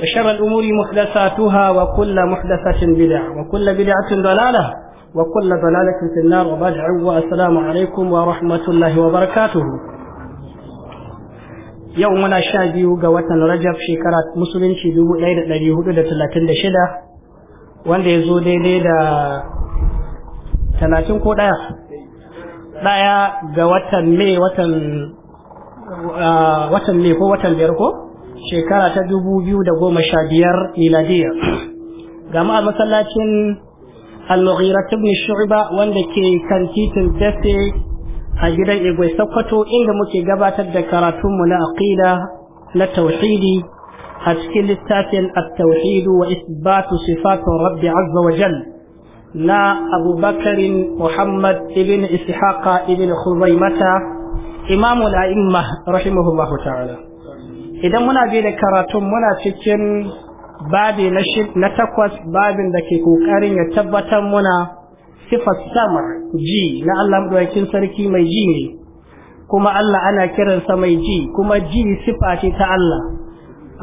وشر الأمور محدثاتها وكل محدثة بدعة وكل بدعة ضلالة وكل ضلالة في النار وبدع والسلام عليكم ورحمة الله وبركاته يومنا شادي وقوتنا رجب شكرات مسلم شدو ليلة لليهود لتلاتين لشدة wanda ya zo daidai da talatin ko ɗaya ɗaya ga watan mai watan watan mai ko watan biyar ko shekara ta dubu biyu da goma sha biyar miladiya gama a masallacin al-mughira ibn shu'ba wanda ke kan titin dafe a gidan igwe sakkwato inda muke gabatar da karatunmu na aqida na tauhidi a cikin littafin at tauhidu wa isbatu sifatun rabbi azza wa na abubakarin muhammad ibn ishaqa ibn khuzaimata imamul a'imma rahimahullahu ta'ala idan muna bi da karatun muna cikin babi na na takwas babin da ke kokarin ya tabbatar muna sifar sama ji na Allah madaukakin sarki mai ji ne kuma Allah ana kiransa mai ji kuma ji sifa ce ta Allah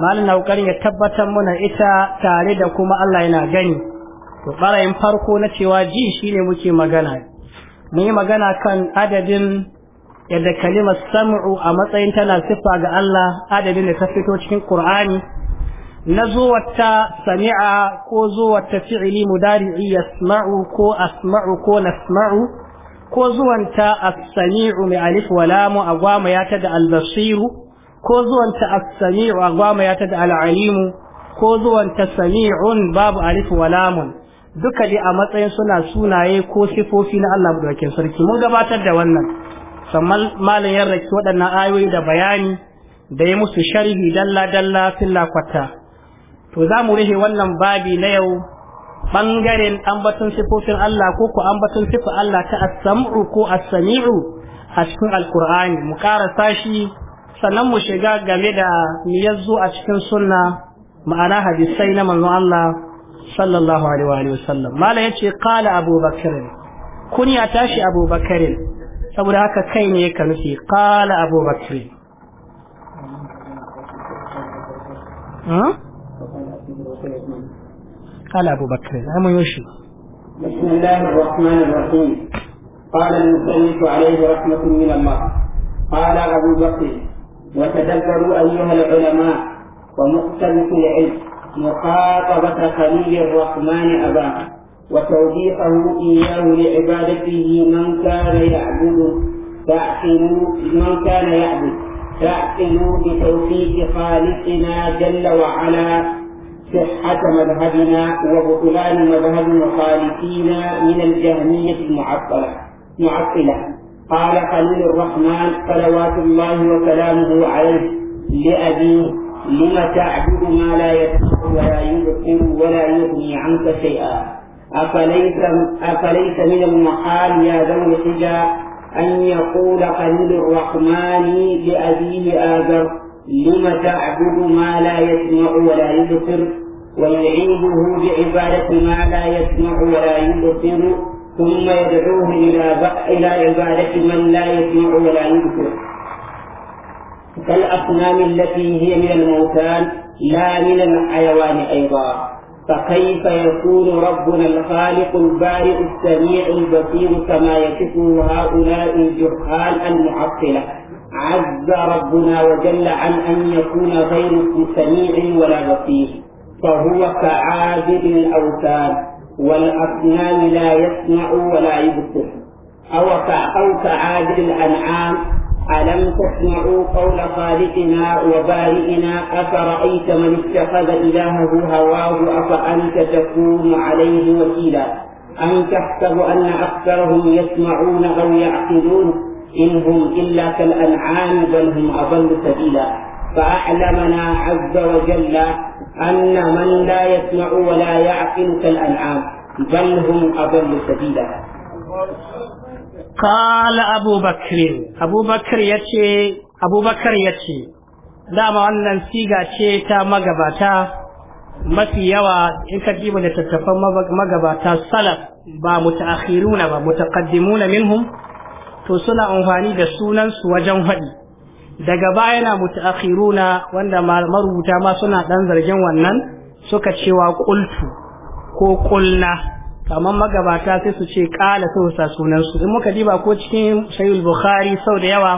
malin na kokarin ya tabbatar muna ita tare da kuma Allah yana gani to farko na cewa ji shine muke magana mun yi magana kan adadin yadda kalimar sam'u a matsayin tana siffa ga Allah adadin da ta fito cikin Qur'ani na zuwata sami'a ko zuwata fi'ili mudari'i yasma'u ko asma'u ko nasma'u ko zuwanta as-sami'u mai alif wa lamu agwama ya ta da al-basiru ko zuwanta as-sami'u agwama ya ta da al-alimu ko zuwanta sami'un babu alif wa lamun duka dai a matsayin suna sunaye ko sifofi na Allah madaukakin sarki mun gabatar da wannan kamar malin ya raki waɗannan ayoyi da bayani da ya musu sharhi dalla dalla filla kwata to za mu rufe wannan babi na yau ɓangaren ambaton sifofin Allah ko ko ambaton sifa Allah ta asam'u ko asami'u a cikin alkur'ani mu ƙara sashi sannan mu shiga game da miyazzu a cikin sunna ma'ana hadisai na manzon Allah sallallahu alaihi wa sallam mala yace qala abubakar kunya tashi abubakar saboda haka kai ne ka nufi qala abu bakri قال أبو بكر نعم يوشي بسم الله الرحمن الرحيم قال المسلم عليه رحمة من الله قال أبو بكر وتدبروا أيها العلماء ومختلف العلم مخاطبة خليل الرحمن أباه وتوبيخه إياه لعبادته من كان يعبد تعقل من كان يعبد تعقل بتوفيق خالقنا جل وعلا صحة مذهبنا وبطلان مذهب مخالفينا من الجهمية المعطلة معطلة قال خليل الرحمن صلوات الله وسلامه عليه لأبيه لم تعبد ما لا يسمع ولا يبصر ولا يغني عنك شيئا أفليس أفليس من المحال يا ذوي الحجى أن يقول خليل الرحمن لأبيه آذر لم تعبد ما لا يسمع ولا يبصر ويعيده بعبادة ما لا يسمع ولا يبصر ثم يدعوه إلى إلى عبادة من لا يسمع ولا يبصر كالأصنام التي هي من الموتان لا من الحيوان أيضا فكيف يكون ربنا الخالق البارئ السميع البصير كما يصفه هؤلاء الجهال المعطلة عز ربنا وجل عن أن يكون غير سميع ولا بصير فهو كعابد الأوثان والأصنام لا يسمع ولا يبصر أو كعابد الأنعام ألم تسمعوا قول خالقنا وبارئنا أفرأيت من اتخذ إلهه هواه أفأنت تكون عليه وكيلا أم تحسب أن أكثرهم يسمعون أو يعقلون إن هم إلا كالأنعام بل هم أضل سبيلا فأعلمنا عز وجل أن من لا يسمع ولا يعقل كالأنعام بل هم أضل سبيلا Kala abu bakr abu yace abu bakr dama wannan siga ce ta magabata mafi yawa in ka jiba da tattafan magabata salaf ba mutaakhiruna ba mutaqaddimuna minhum to suna amfani da sunansu wajen haɗi daga baya na mutaakhiruna wanda marubuta ma suna dan zargin wannan suka cewa ƙultu ko ƙulna. amma magabata sai su ce kala sai sa sunan su in muka diba ko cikin sahih bukhari sau da yawa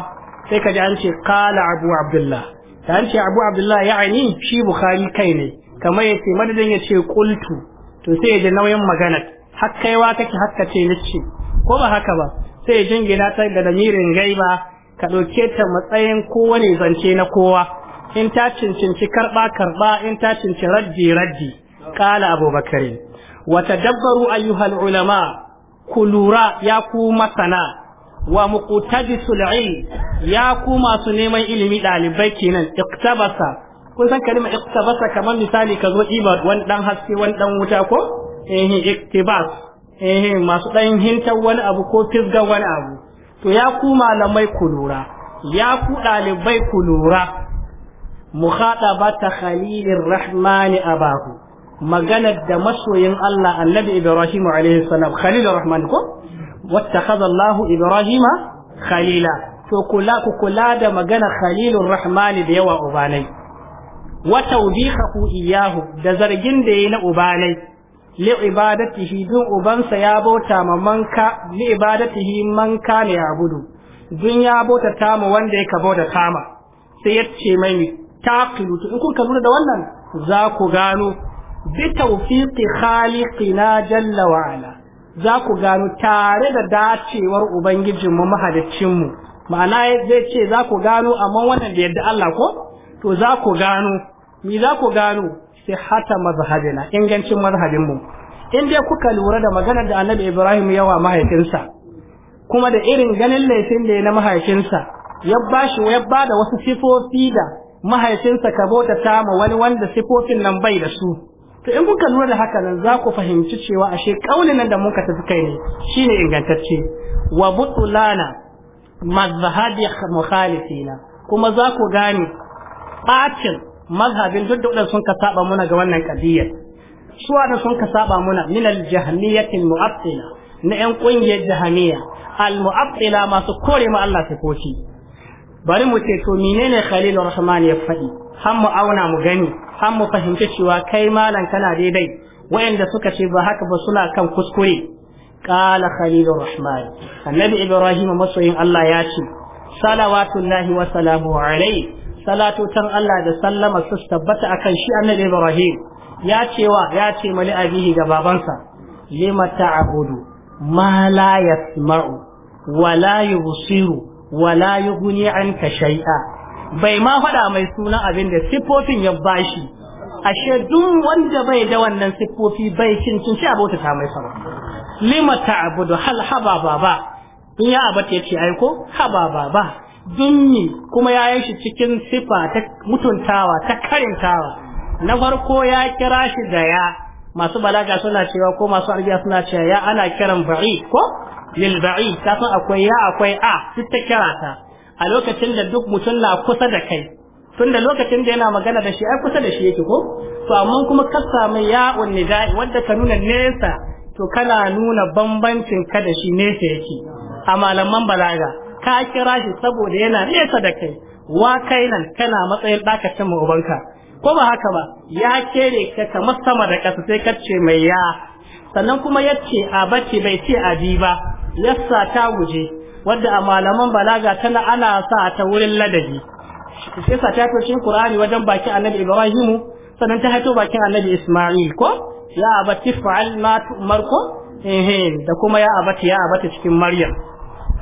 sai ka ji an ce kala abu abdullah da an ce abu abdullah ya'ani shi bukhari kai ne kamar yace madadin ya ce qultu to sai ya ji nauyin magana har kaiwa kake ka ce ce ko ba haka ba sai ya jingina ta da damirin gaiba ka ɗauke ta matsayin kowa ne zance na kowa in ta cincinci karba karba in ta cinci raddi raddi kala abubakari watadabbaru ayyuhal ulama Kulura ya ku masana wa muqtadisul ilm ya ku masu neman ilimi dalibai kenan iktabasa kun san kalmar iktabasa kamar misali ka zo ɗiba wani dan haske wani dan wuta ko eh iktibas eh masu dan hintar wani abu ko fisga wani abu to ya ku malamai Kulura, lura ya ku dalibai ku lura mukhadaba ta khalilir rahmani abahu maganar da masoyin Allah annabi Ibrahim alaihi salam khalilur rahman ko wattakhadha Allah Ibrahim khalila to kula ku kula da magana khalilur rahman da yawa ubanai wa ku iyyahu da zargin da yayi na ubanai li ibadatihi dun ubansa ya bauta ma manka li ibadatihi manka ne abudu dun ya bauta tama wanda ya ka bauta tama sai ya ce mai taqilu in kun ka da wannan za ku gano bi tawfiqi khaliqina jalla wa za ku gano tare da dacewar ubangijinmu mu ma'ana zai ce za ku gano amma wannan da yadda Allah ko to za ku gano mi za ku gano sai hata mazhabina ingancin mazhabinmu in dai kuka lura da maganar da annabi ibrahim yawa mahaifinsa kuma da irin ganin laifin da ya na mahaifinsa ya bashi ya bada wasu sifofi da mahaifinsa ka bauta ta ma wani wanda sifofin nan bai da su to in kuka lura da haka nan za ku fahimci cewa ashe kaulin nan da muka tafi kai ne shine ingantacce wa butulana mazhabi mukhalifina kuma za ku gane bacin mazhabin duk da sun ka saba muna ga wannan kadiyar suwa da sun ka saba muna min al jahmiyatin mu'attila na yan kungiyar jahmiya al mu'attila masu kore ma Allah sifofi bari mu ce to menene khalilur rahman ya faɗi har mu auna mu gani An mu fahimci cewa kai malam kana daidai wayanda suka ce ba haka ba suna kan kuskure qala khalilur rahman annabi ibrahim masoyin Allah ya ce salawatullahi wa salamu alai salatu tan Allah da sallama su tabbata akan shi annabi ibrahim ya wa? ya ce mali abihi ga babansa lima ta'budu ma la yasma'u wa la yubsiru wa la yughni anka shay'a bai ma faɗa mai sunan abin da siffofin ya bashi ashe duk wanda bai da wannan siffofi bai cincinci abota ta mai sama lima ta'budu hal haba ba in ya abata yace ai ko haba baba dunni kuma ya yi shi cikin sifa ta mutuntawa ta karintawa na farko ya kira shi da ya masu balaga suna cewa ko masu arziki suna cewa ya ana kiran ba'i ko lil ba'i ta san akwai ya akwai a duk ta kira ta a lokacin da duk mutum na kusa da kai tunda lokacin da yana magana da shi ai kusa da shi yake ko to amma kuma ka samu ya'un nida'i wanda ka nuna nesa to kana nuna bambancin ka da shi nesa yake a malaman balaga ka kira shi saboda yana nesa da kai wa kai nan kana matsayin ɗaka cin ubanka ko ba haka ba ya kere ka ta sama da ƙasa sai ka ce mai ya sannan kuma ya ce a bace bai ce a bi ba yassa ta guje wadda a malaman balaga tana ana sa ta wurin ladabi sai sa ta tocin qur'ani wajen bakin annabi ibrahim sannan ta haito bakin annabi isma'il ko ya abati fa'al ma tu'mar ko eh da kuma ya abati ya abati cikin maryam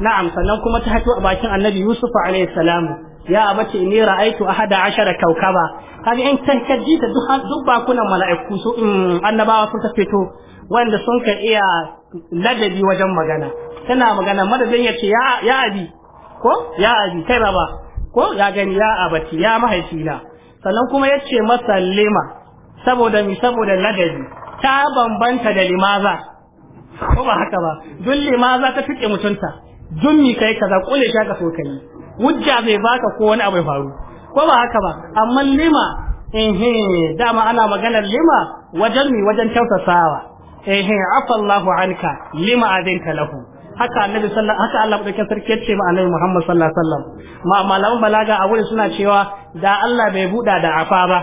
na'am sannan kuma ta haito bakin annabi yusuf alayhi salam ya abace ni ra'aitu ahada ashara kaukaba kaga in kan kaji ta duk duk bakunan mala'iku su annabawa sun ta fito wanda sun ka iya ladabi wajen magana tana magana madadin ya ce ya abi ko ya abi kai raba, ko ya gani ya abati ya mahaifina sannan kuma ya ce masa lima saboda mi saboda ladabi ta bambanta da limaza ko ba haka ba duk limaza ta fike mutunta duk mi kai kaza kule ta ka so kai wujja bai baka ko wani abu ya faru ko ba haka ba amma lima ehe dama ana maganar lima wajen mi wajen kyautatawa ehe afallahu anka lima azinta lahu haka annabi sallallahu haka Allah madaukakin sarki yace ma annabi Muhammad sallallahu alaihi wasallam ma malaman balaga a wurin suna cewa da Allah bai buda da afa ba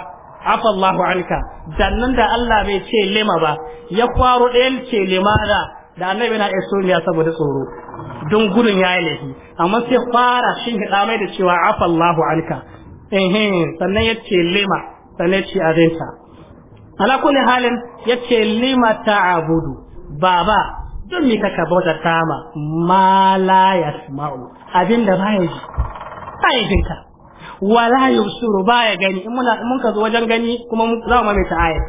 afa Allahu anka dannan da Allah bai ce lema ba ya kwaro ɗayan ce limara da annabi na istoriya saboda tsoro don gudun yayi laifi amma sai fara shin hida mai da cewa afa Allahu anka eh sannan yace lema sannan yace azinta ala kulli halin yace lima ta'budu baba don mi kaka bauta tama ma la ya yasma'u abinda baya ji baya jinka wala yusuru baya gani in muna mun ka zo wajen gani kuma za mu mai ayat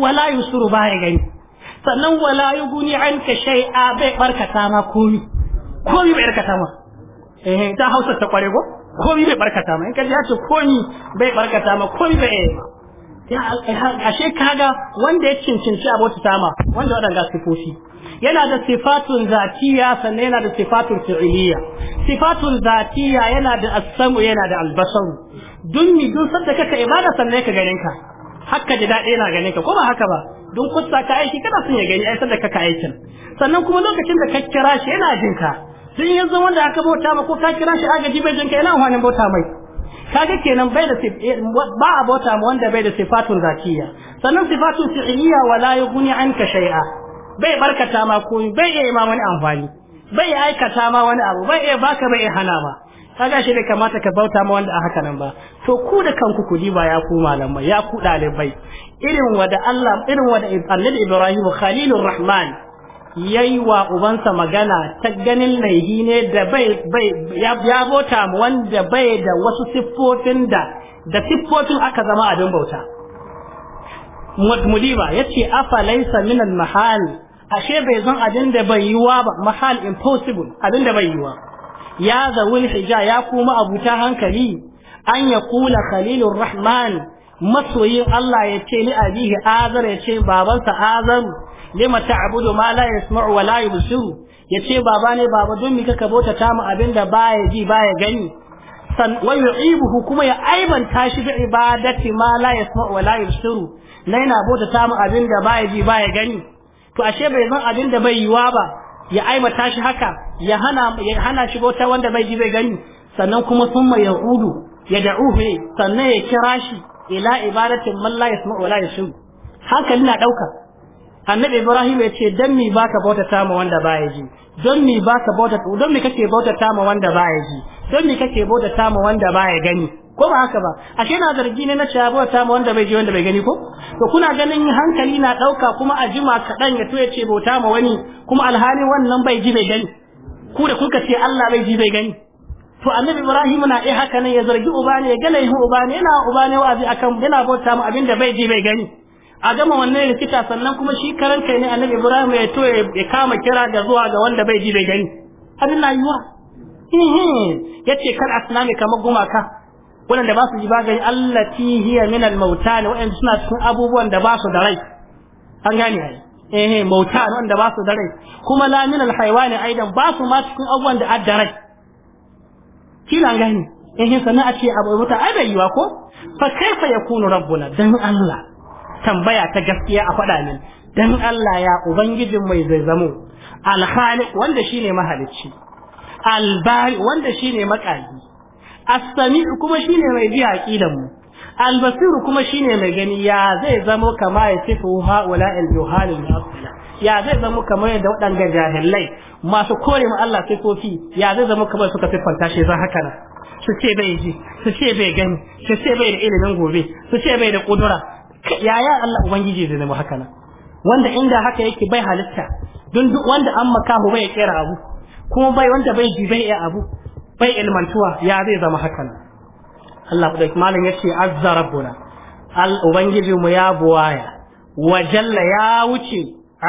wala yusuru baya gani sannan wala yuguni anka shay'a bai barkata ma komi komi bai barkata ma eh ta Hausa ta kware ko komi bai barkata ma in ka ji ya ce bai barkata ma komi bai ma ashe kaga wanda ya cincinci a ta sama wanda waɗanda sifofi yana da sifatun zatiya sannan yana da sifatun fi'iliya sifatun zatiya yana da asamu yana da albasaru dun mi dun sanda kaka ibada sannan ka ganin ka hakka da daɗi yana ganin ka ko ba haka ba dun kusa ka aiki kana son ya gani ai sanda kaka aikin sannan kuma lokacin da ka kira shi yana jin ka dun yanzu wanda aka bauta ma ko ka kira shi agaji bai jin ka yana amfanin bauta mai kaga kenan bai da eh, ba a bauta ma wanda bai da sifatun zatiya sannan sifatun wa wala yughni anka shay'a bai barkata ma koyi bai iya ma wani amfani bai iya aikata ma wani abu bai iya baka bai iya hana ma kaga shi bai kamata ka bauta ma wanda a haka nan ba to ku da kanku ku diba ya ku malamai ya ku dalibai irin da Allah irin wada da Ibrahim Khalilur Rahman yayi wa ubansa magana ta ganin laihi ne da bai bai ya bota mu wanda bai da wasu siffofin da da siffofin aka zama abin bauta mudiba yace afa laysa min al mahal ashe bai zan abin da bai yiwa ba mahal impossible abin da bai yiwa ya zawul hija ya kuma abuta hankali an ya kula khalilur rahman masoyin Allah ya ce ni abihi azar ya ce babansa azar lima ta'budu ma la yasma'u wa la yubsiru yace baba ne baba don mi kaka bota ta mu abinda baya ji baya gani san wa yu'ibuhu kuma ya aibanta shi da ibadati ma la yasma'u wa la yubsiru na yana bota ta mu abinda baya ji baya gani to ashe bai san abinda bai yi wa ba ya aiba shi haka ya hana ya hana shi bota wanda bai ji bai gani sannan kuma summa ya'udu ya da'uhu sannan ya kira shi ila ibadatin man la yasma'u wa la yubsiru hankali na dauka annabi ibrahim ya ce dan mi baka bauta ta ma wanda baya ji dan mi baka bauta don mi kake bauta ta ma wanda baya ji don mi kake bauta ta ma wanda baya gani ko ba haka ba ashe na zargi ne na cewa bauta ma wanda bai ji wanda bai gani ko to kuna ganin hankali na dauka kuma a jima kadan ya to ya ce bauta ma wani kuma alhali wannan bai ji bai gani ku da kuka ce Allah bai ji bai gani to annabi ibrahim na eh haka ne ya zargi uba ne ya gane uba ne yana uba ne wa'azi akan yana bauta ma abinda bai ji bai gani a gama wannan rikita sannan kuma shi karan kai ne annabi ibrahim ya to ya kama kira ga zuwa ga wanda bai ji bai gani abin na yiwa yace kar asnami kamar gumaka da ba su ji ba gani allati hiya min al mautan wa suna cikin abubuwan da ba su da rai an gane ai eh mautan wanda ba su da rai kuma la min al haywani aidan ba su ma cikin abubuwan da adda rai na gani eh sannan a ce abu mutan ai bai yiwa ko fa kaifa yakunu rabbuna dan Allah tambaya ta gaskiya a faɗa min dan Allah ya ubangijin mai zai zamo alkhaliq wanda shine mahalicci albari wanda shine makali as kuma shine mai biya aqidan mu al kuma shine mai gani ya zai zamo kamar ya sifu haula al-juhal al-asla ya zai zamo kamar yadda waɗanga jahilai masu kore mu Allah sifofi ya zai zamo kamar suka siffanta shi zan haka nan su ce bai ji su ce bai gani su ce bai da ilimin gobe su ce bai da kudura yaya Allah ubangiji zai zama haka nan wanda inda haka yake bai halitta don duk wanda an makahu bai kera abu kuma bai wanda bai ji bai abu bai ilmantuwa ya zai zama haka nan Allah da malam yace azza rabbuna al ubangiji mu ya buwaya wa jalla ya wuce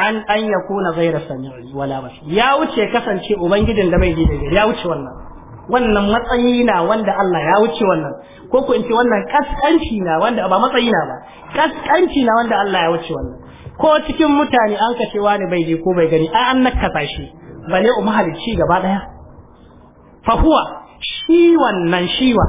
an an yakuna ghayra sami'i wala basir ya wuce kasance ubangijin da bai ji da ya wuce wannan wannan matsayi na wanda Allah ya wuce wannan ko ku in ce wannan kaskanci na wanda ba matsayi na ba kaskanci na wanda Allah ya wuce wannan ko cikin mutane an kace wani bai je ko bai gani a an nakasa shi bale umu mahalicci gaba daya fa huwa shi wannan shiwa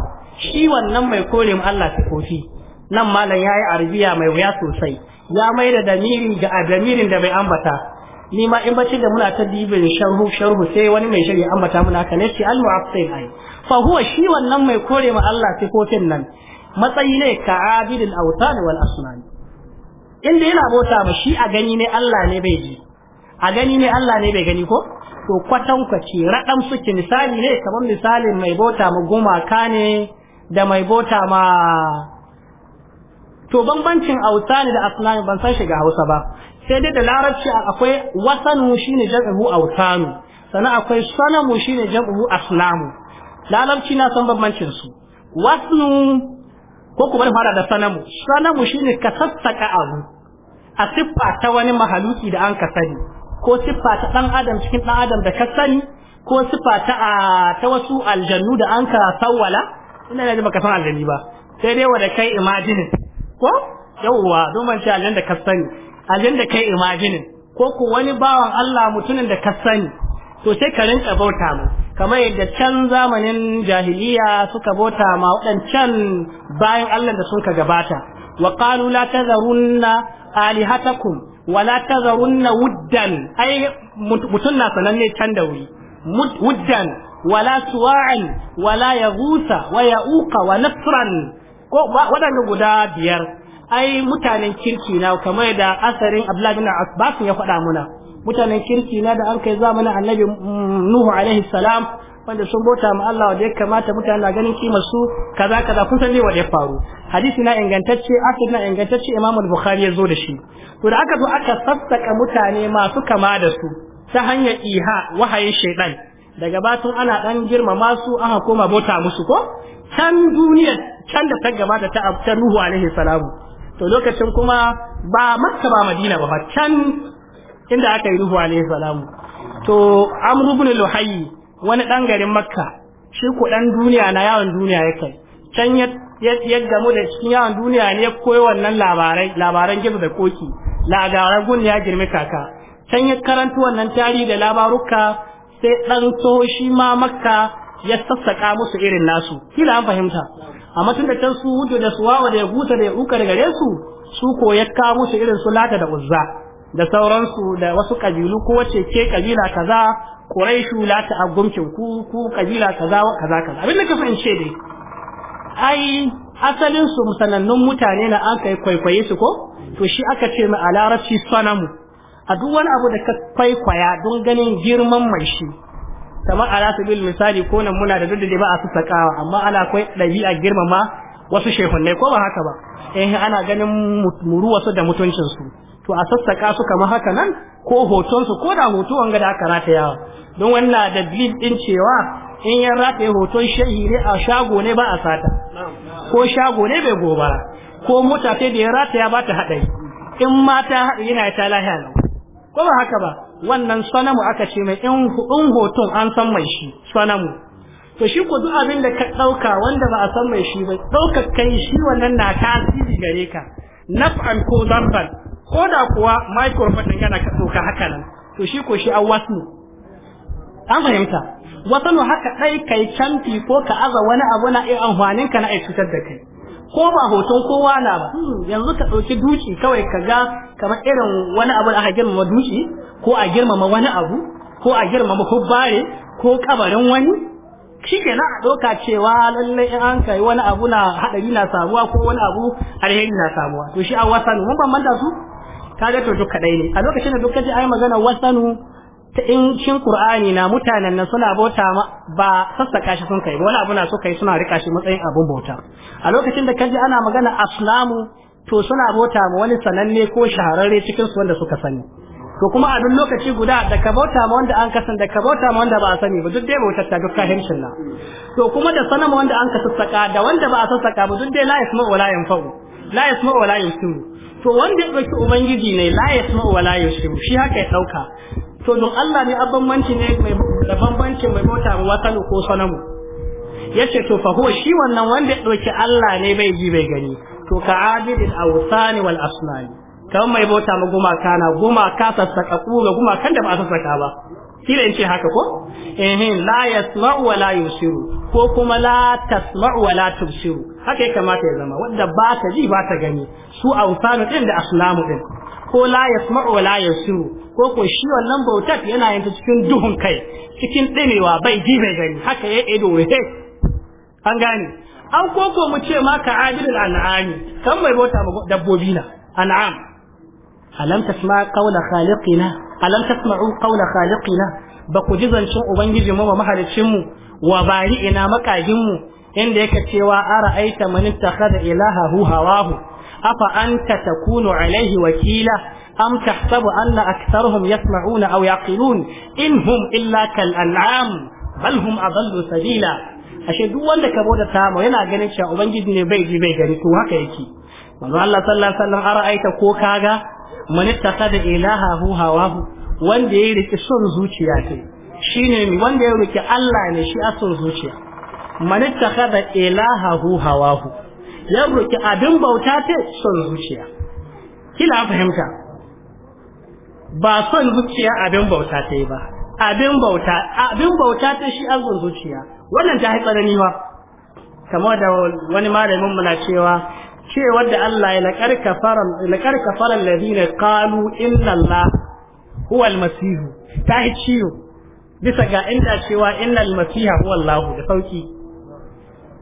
shi wannan mai kore mu Allah ta kofi nan malam yayi arabiya mai wuya sosai ya mai da damirin ga adamirin da bai ambata ni ma in bacci da muna ta dibin sharhu sharhu sai wani mai shari'a ambata muna ka ne shi al mu'affin ai fa huwa shi wannan mai kore ma Allah kofin nan matsayi ne ka abidul awtan wal asnan inda yana bota ma shi a gani ne Allah ne bai ji a gani ne Allah ne bai gani ko to kwatan kwaci radan suke misali ne kamar misalin mai bota ma gumaka ne da mai bota ma to bambancin awtan da asnan ban san shiga ga Hausa ba sai dai da larabci akwai wasanu shine jam'u awsanu sana akwai sanamu shine jam'u aslamu larabci na san bambancin su wasnu ko kuma fara da sanamu sanamu shine ka abu a siffa ta wani mahaluki da an ka sani ko siffa ta dan adam cikin dan adam da ka sani ko siffa ta ta wasu aljannu da an ka sawwala ina ne baka san aljanni ba sai dai wanda kai imagine ko yawwa don ban aljanna da ka sani abin da kai imaginin ko ku wani bawan Allah mutumin da ka sani to sai ka rinka bauta mu kamar yadda can zamanin jahiliya suka bauta ma waɗancan bayan Allah da suka gabata wa qalu la tazarunna alihatakum wa la tazarunna wuddan ai mutun na sananne can da wuri wuddan wala suwa'an wala yaghutha wa ya'uqa wa nasran ko waɗanda guda biyar ai mutanen kirki na kamar da asarin Abdullahi bin Abbas ya faɗa muna mutanen kirki na da an kai zamanin Annabi mm, Nuhu alaihi salam wanda sun bota ma Allah wanda ya kamata mutane na ganin kimar su kaza kaza kun san dai ya faru hadisi na ingantacce asir na ingantacce Imam Bukhari ya zo da shi to da aka zo aka sassaka mutane masu kama da su ta hanyar iha wahayin shaidan daga batun ana dan girmama su aka koma bota musu ko can duniyar can da ta gabata ta Nuhu alaihi salamu to lokacin kuma ba makka ba madina ba can inda aka yi ruhu alaihi salamu to amru ibn luhayy wani dan garin makka shi ko dan duniya na yawon duniya yake can ya gamu da cikin yawon duniya ne ya koyi wannan labarai labaran gizo da koki lagaran gun ya girmi kaka can ya karanta wannan tarihi da labaruka sai dan so shi ma makka ya sassaka musu irin nasu kila an fahimta amma tun da can su hudu da suwawa da ya huta da ya uka da gare su su ko ya kawo musu irin su lata da uzza da sauransu da wasu kabilu ko wace ke kabila kaza quraishu lata a gumkin ku ku kabila kaza kaza kaza abin da ka fahimce dai ai asalin su sanannun mutane na aka yi kwaikwaye su ko to shi aka ce mu a larabci sanamu a duk wani abu da ka kwaikwaya don ganin girman mai shi kamar rasu bil misali ko nan muna da daddade ba a su sakawa amma ana akwai ɗabi'a girmama wasu ne, ko ba haka ba eh ana ganin muru wasu da mutuncin su to a sassaka su kamar haka nan ko hoton su ko da hoto wanga da aka yawa. don wannan da dalil din cewa in yan rataye hoton shehi ne a shago ne ba a sata ko shago ne bai gobara ko mota sai da ya rataya ba ta haɗari in mata yana ta lahiya ko ba haka ba wannan sanamu aka ce mai in hoton an san mai shi sanamu to shi ko duk abin da ka ɗauka wanda ba a san mai shi ba ɗaukar kai shi wannan na tasiri gare ka naf'an ko zamban ko da kuwa microphone ɗin kana ka haka nan to shi ko shi an wasu an fahimta wata haka ɗai kai canti ko ka aza wani abu na iya amfanin ka na iya fitar da kai ko ba hoton kowa na ba yanzu ka ɗauki duci kawai ka ga kamar irin wani abu da aka girmama duci ko a girmama wani abu ko a girmama ko bare ko kabarin wani shi ke na a ɗauka cewa lallai in an kai wani abu na haɗari na samuwa ko wani abu alheri na samuwa to shi a wasanu mun manta su ga to kaɗai ne a lokacin da duk a ai magana wasanu ta in cin qur'ani na mutanen nan suna bauta ba sassaka shi sun kai wani abu na so kai suna rika shi matsayin abun bauta a lokacin da kaji ana magana aslamu to suna bauta ma wani sananne ko shahararre cikin su wanda suka sani to kuma a duk lokaci guda da ka bauta ma wanda an kasan da ka bauta ma wanda ba a sani ba duk dai bautar ta duk kahircin na to kuma da sanama wanda an ka sassaka da wanda ba a sassaka ba duk dai la yasma'u wala yanfa'u la wa wala yansiru to wanda ya ɗauki ubangiji ne la yasma'u wala yansiru shi haka ya ɗauka to don Allah ne a bambanci ne mai da bambancin mai mota ma wasalu ko sanamu yace to fa huwa shi wannan wanda ya dauki Allah ne bai ji bai gani to ka abidil awsani wal asnani kamar mai bauta ma gumaka na ka sassaƙaƙu ga gumakan da ba a sassaƙa ba kila yace haka ko Eh la yasma'u wa la yusiru ko kuma la tasma'u wa la tubsiru haka ya kamata ya zama wanda ba ta ji ba ta gani su awsani din da asnamu din ko la yasma'u wa la yusiru ko ko shi wannan bautar yana yin ta cikin duhun kai cikin dinewa bai ji bai gani haka ya ido he an gane an koko mu ce ma ka adilul an'ami kan mai bauta ma dabbobi na an'am alam tasma qawla khaliqina alam tasma'u qawla khaliqina ba ku ji zancin mu ba mahalicinmu wa bari ina mu inda yake cewa ara aita man ilaha hu hawahu afa anta takunu alaihi wakila أم تحسب أن أكثرهم يسمعون أو يعقلون إن هم إلا كالأنعام بل هم أضل سبيلا ashe duk wanda ka bada ta yana ganin cewa ubangiji ne bai ji bai gani to haka yake manzo Allah sallallahu alaihi wasallam ara'aita ko kaga man ittakada ilahahu hawahu wanda ya riki son zuciya ce shine wanda ya riki Allah ne shi asun zuciya man ittakada ilahahu hawahu ya riki abin bauta ce zuciya kila fahimta ba son zuciya abin bauta ta yi ba abin bauta abin bauta ta shi azon zuciya wannan ta haifar ni ba kamar da wani malamin muna cewa ce da Allah ya laqad kafara laqad kafara inna Allah huwa al ta yi ciwo bisa ga inda cewa inna al-masih huwa da sauki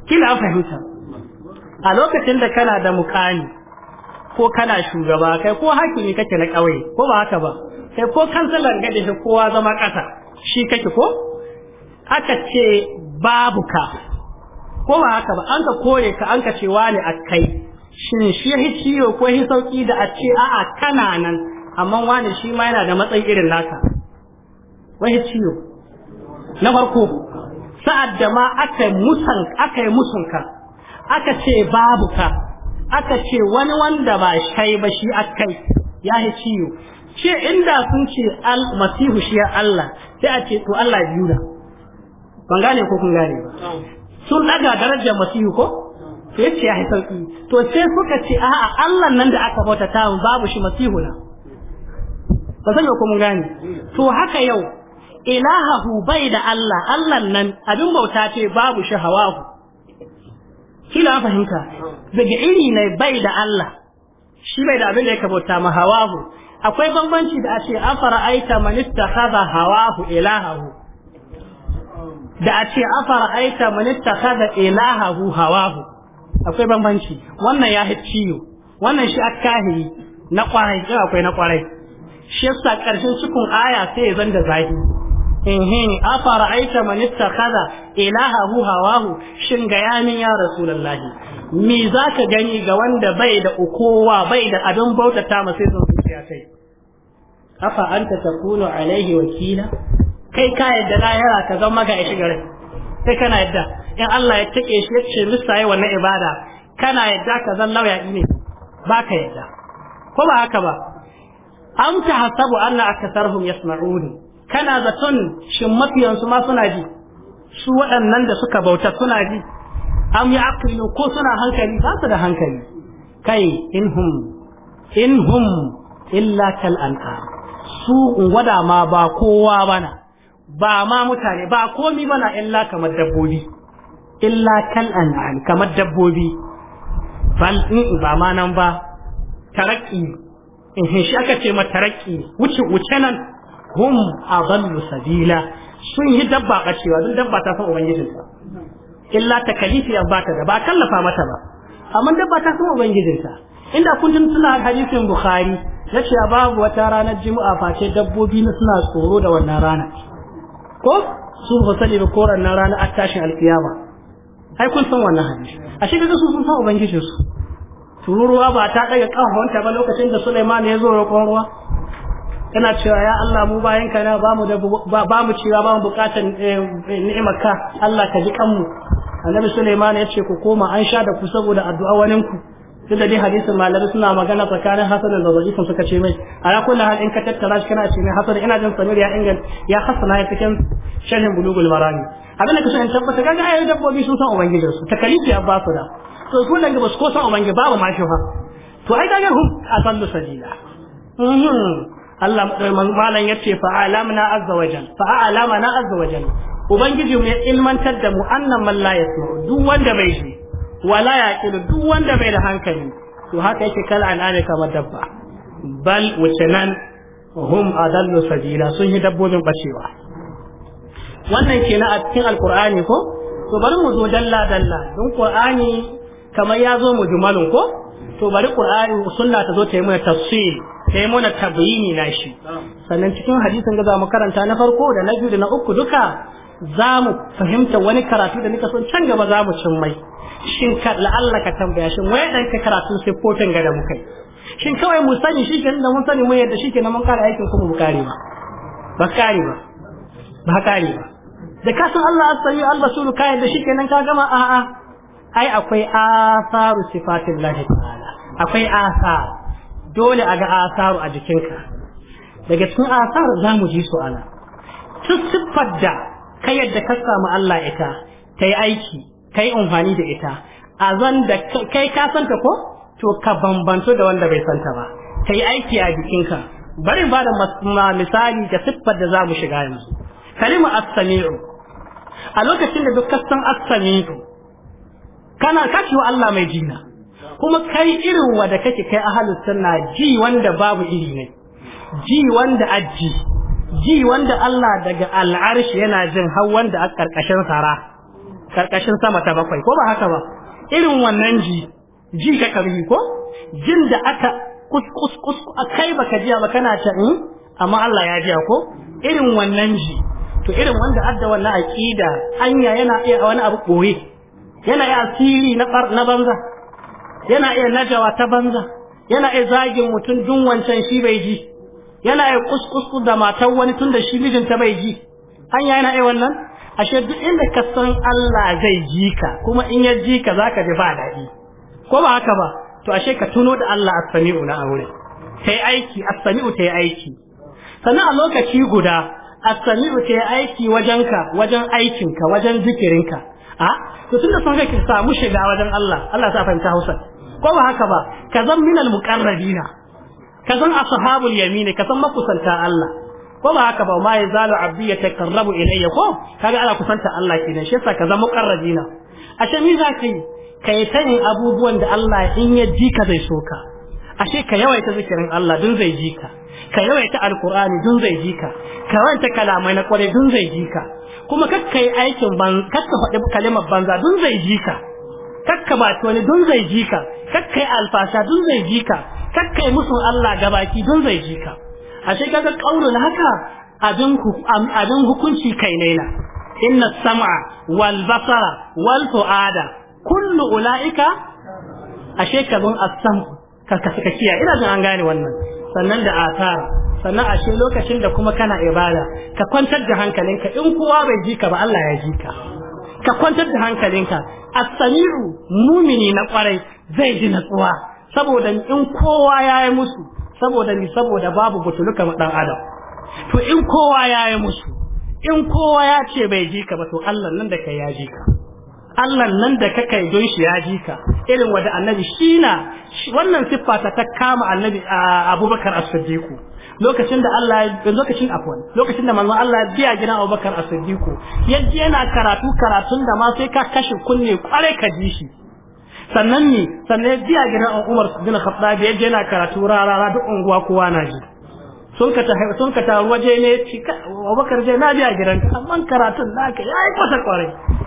kila fahimta a lokacin da kana da mukani ko kana shugaba kai ko hakimi kake na ƙauye ko ba haka ba kai ko kansalan gade shi kowa zama ƙasa shi kake ko aka ce babu ka ko ba haka ba an ka kore ka an ka ce wani a kai shin shi ya ciwo ko ya sauki da a ce a'a kana nan amma wani shi ma yana da matsayi irin naka wani ciwo na farko sa'ad da ma aka yi musanka. aka yi aka ce babu ka aka ce wani wanda ba shai ba shi akai ya yi ciwo ce inda sun ce al-masihu shi ya Allah sai a ce to Allah biyu da ban gane ko kun gane sun daga darajar masihu ko to yace ya sauki to sai suka ce a'a Allah nan da aka bauta ta babu shi masihu na ba san ko mun gane to haka yau ilahu bai da Allah Allah nan abin bauta ce babu shi hawahu kila an fahimta daga iri ne bai da Allah shi bai da abin da ya kabota ma hawahu akwai bambanci da a ce afara aita man ittakhadha hawahu ilahahu da a ce afara aita man ittakhadha ilahahu hawahu akwai bambanci wannan ya hi ciyo wannan shi akahi na kwarai akwai na kwarai shi yasa karshen cikin aya sai ya zanda zahiri ehin afara aita man ittakhadha ilahahu hawahu shin ga yamin ya rasulullahi me zaka gani ga wanda bai da ukowa bai da abin bautata ma sai sun zuciya kai afa anta takunu alaihi wakila kai ka yadda yara ka zama ga ishi gare sai kana yadda in Allah ya take shi yace musa yi wannan ibada kana yadda ka zan lauya ne ba ka yadda ko ba haka ba am tahasabu anna akatharuhum yasma'uni kana zaton shin mafiyansu ma suna ji su waɗannan da suka bauta suna ji am ya aqilu ko suna hankali ba su da hankali kai inhum inhum illa kal an'am su gwada ma ba kowa bana ba ma mutane ba komi bana illa kamar dabbobi illa kal an'am kamar dabbobi bal ba ma nan ba tarakki in shi aka ce ma tarakki wuce wuce nan hum adallu sabila sun yi dabba kacewa don dabba ta san ubangijinta illa takalifi an bata da ba kallafa mata ba amma dabba ta san ubangijinta inda kun jin suna hadisin bukhari ya ce babu wata ranar jimu'a face dabbobi na suna tsoro da wannan rana ko su ba sani da koran na rana a tashin alkiyama ai kun san wannan hadisi shi kaga su sun san ubangijinsu tururuwa ba ta ɗaga hawanta ba lokacin da Sulaiman ya zo roƙon ruwa kana cewa ya Allah mu bayan ka na bamu da bamu cewa bamu bukatan eh, ni'imarka Allah ka ji kanmu annabi Sulaiman ya ce ku koma an sha da ku saboda addu'a wanin ku duk da hadisin malamai suna magana tsakanin Hassan da Zaifu suka ce mai ala kullu hal in ka tattara shi kana ce mai Hassan ina jin Samir ya ingan ya hasana ya cikin sharhin bulugul marami abin da kace in tabbata kaga ayoyi dabbobi sun san ubangijinsu takalifi abbasu da to su nan ga ba su ko san ubangi babu ma shi fa to ai kaga hum asallu sajida mhm. Allah malam ya ce fa'alamna azza wajal fa'alamna azza wajal ubangiji mu ya ilmantar da mu annan man la yasma duk wanda bai shi wala yaqilu duk wanda bai da hankali to haka yake kal anane kamar dabba bal wutanan hum adallu sabila sun yi dabbobin bacewa wannan kenan a cikin alqur'ani ko to bari mu zo dalla dalla don qur'ani kamar ya zo mu jumalun ko to bari qur'ani sunna ta zo ta yi mana tafsir ta yi mana tabyini na shi sannan cikin hadisin ga za mu karanta na farko da na biyu da na uku duka za mu fahimta wani karatu da nika son can gaba za mu cin mai shin ka la'alla ka tambaya shin waye dan ka karatu sai ko ga da mu kai shin kawai mu sani shi kenan da mun sani mu yadda shi kenan mun kare aikin kuma mu kare ba ba kare ba ba kare ba da ka san Allah as-sami al-basir ka yadda shi kenan ka gama a'a ai akwai asaru sifatin ta'ala akwai asa dole a ga asaru a jikinka daga cikin asar za mu ji su ana ta siffar da ka yadda ka samu Allah ita ta yi aiki ka yi amfani da ita a zan da kai ka santa ko to ka bambanto da wanda bai santa ba ta yi aiki a jikinka bari ba da misali da siffar da za mu shiga yanzu kalima as-sami'u a lokacin da duk kasan as-sami'u kana kashi Allah mai jina kuma kai irin wanda kake kai ahlus sunna ji wanda babu iri ne ji wanda ajji ji wanda Allah daga al'arshi yana jin har wanda a karkashin sara karkashin sama ta bakwai ko ba haka ba irin wannan ji ji ka kabi ko jin da aka kuskus kus kai baka jiya ba kana ta hmm? amma Allah ya jiya ko irin wannan ji to irin wanda adda wannan aqida anya yana iya wani abu boye yana ya asiri na na banza yana iya najawa ta banza yana iya zagin mutum dun wancan shi bai ji yana iya kuskusku da matan wani tun da shi mijinta bai ji hanya yana iya wannan ashe duk inda ka san Allah zai ji ka kuma in ya ji ka zaka ji ba daɗi ko ba haka ba to ashe ka tuno da Allah as-sami'u na aure yi aiki as-sami'u yi aiki sannan a lokaci guda as-sami'u yi aiki wajenka wajen aikinka wajen zikirinka a ah, to tunda sun ga ki samu shiga wajen Allah Allah ya sa fahimta Hausa ko ba haka ba ka zan minal muqarrabina ka zan ashabul yamini ka san makusanta Allah ko ba haka ba ma yazalu abdi yataqarrabu ilayya ko kaga ana kusanta Allah kenan shi yasa ka zan muqarrabina ashe me za ka yi kai ta abubuwan da Allah in ya ji ka zai so ka ashe ka yawaita zikirin Allah dun zai ji ka ka yawaita alqur'ani dun zai ji ka ka yawaita kalamai na kware dun zai ji ka kuma kakka yi aikin ban kakka faɗi kalimar banza dun zai ji ka kakka ba wani dun zai ji ka kakkai alfasha dun zai ji ka kakkai musu Allah gabaki dun zai ji ka ashe kaga haka abin abin hukunci kai ne na inna sam'a wal basara wal fuada kullu ulaika ashe kabun asam ka ka kiya ina jin an gane wannan sannan da asara sannan ashe lokacin da kuma kana ibada ka kwantar da hankalinka in kowa bai ji ka ba Allah ya ji ka ka kwantar da hankalinka a samiu mumini na kwarai zai ji natsuwa saboda in kowa ya yi musu saboda ni saboda babu butuluka ma dan adam to in kowa ya yi musu in kowa ya ce bai ji ka ba to Allah nan da kai ya ji ka Allah nan da ka kai don shi ya ji ka irin wanda annabi shi na wannan siffa ta kama annabi Abubakar As-Siddiq lokacin da Allah lokacin afwan lokacin da manzon Allah ya biya gidan Abubakar As-Siddiq yaji yana karatu karatun da ma sai ka kashe kunne kware ka ji shi sannan ne sannan ya biya gina Umar bin Khattab yaji yana karatu rarara duk unguwa kowa na ji sun ka ta sun ka ta waje ne ci Abubakar je na biya gidan amma karatun naka yayi kwata kware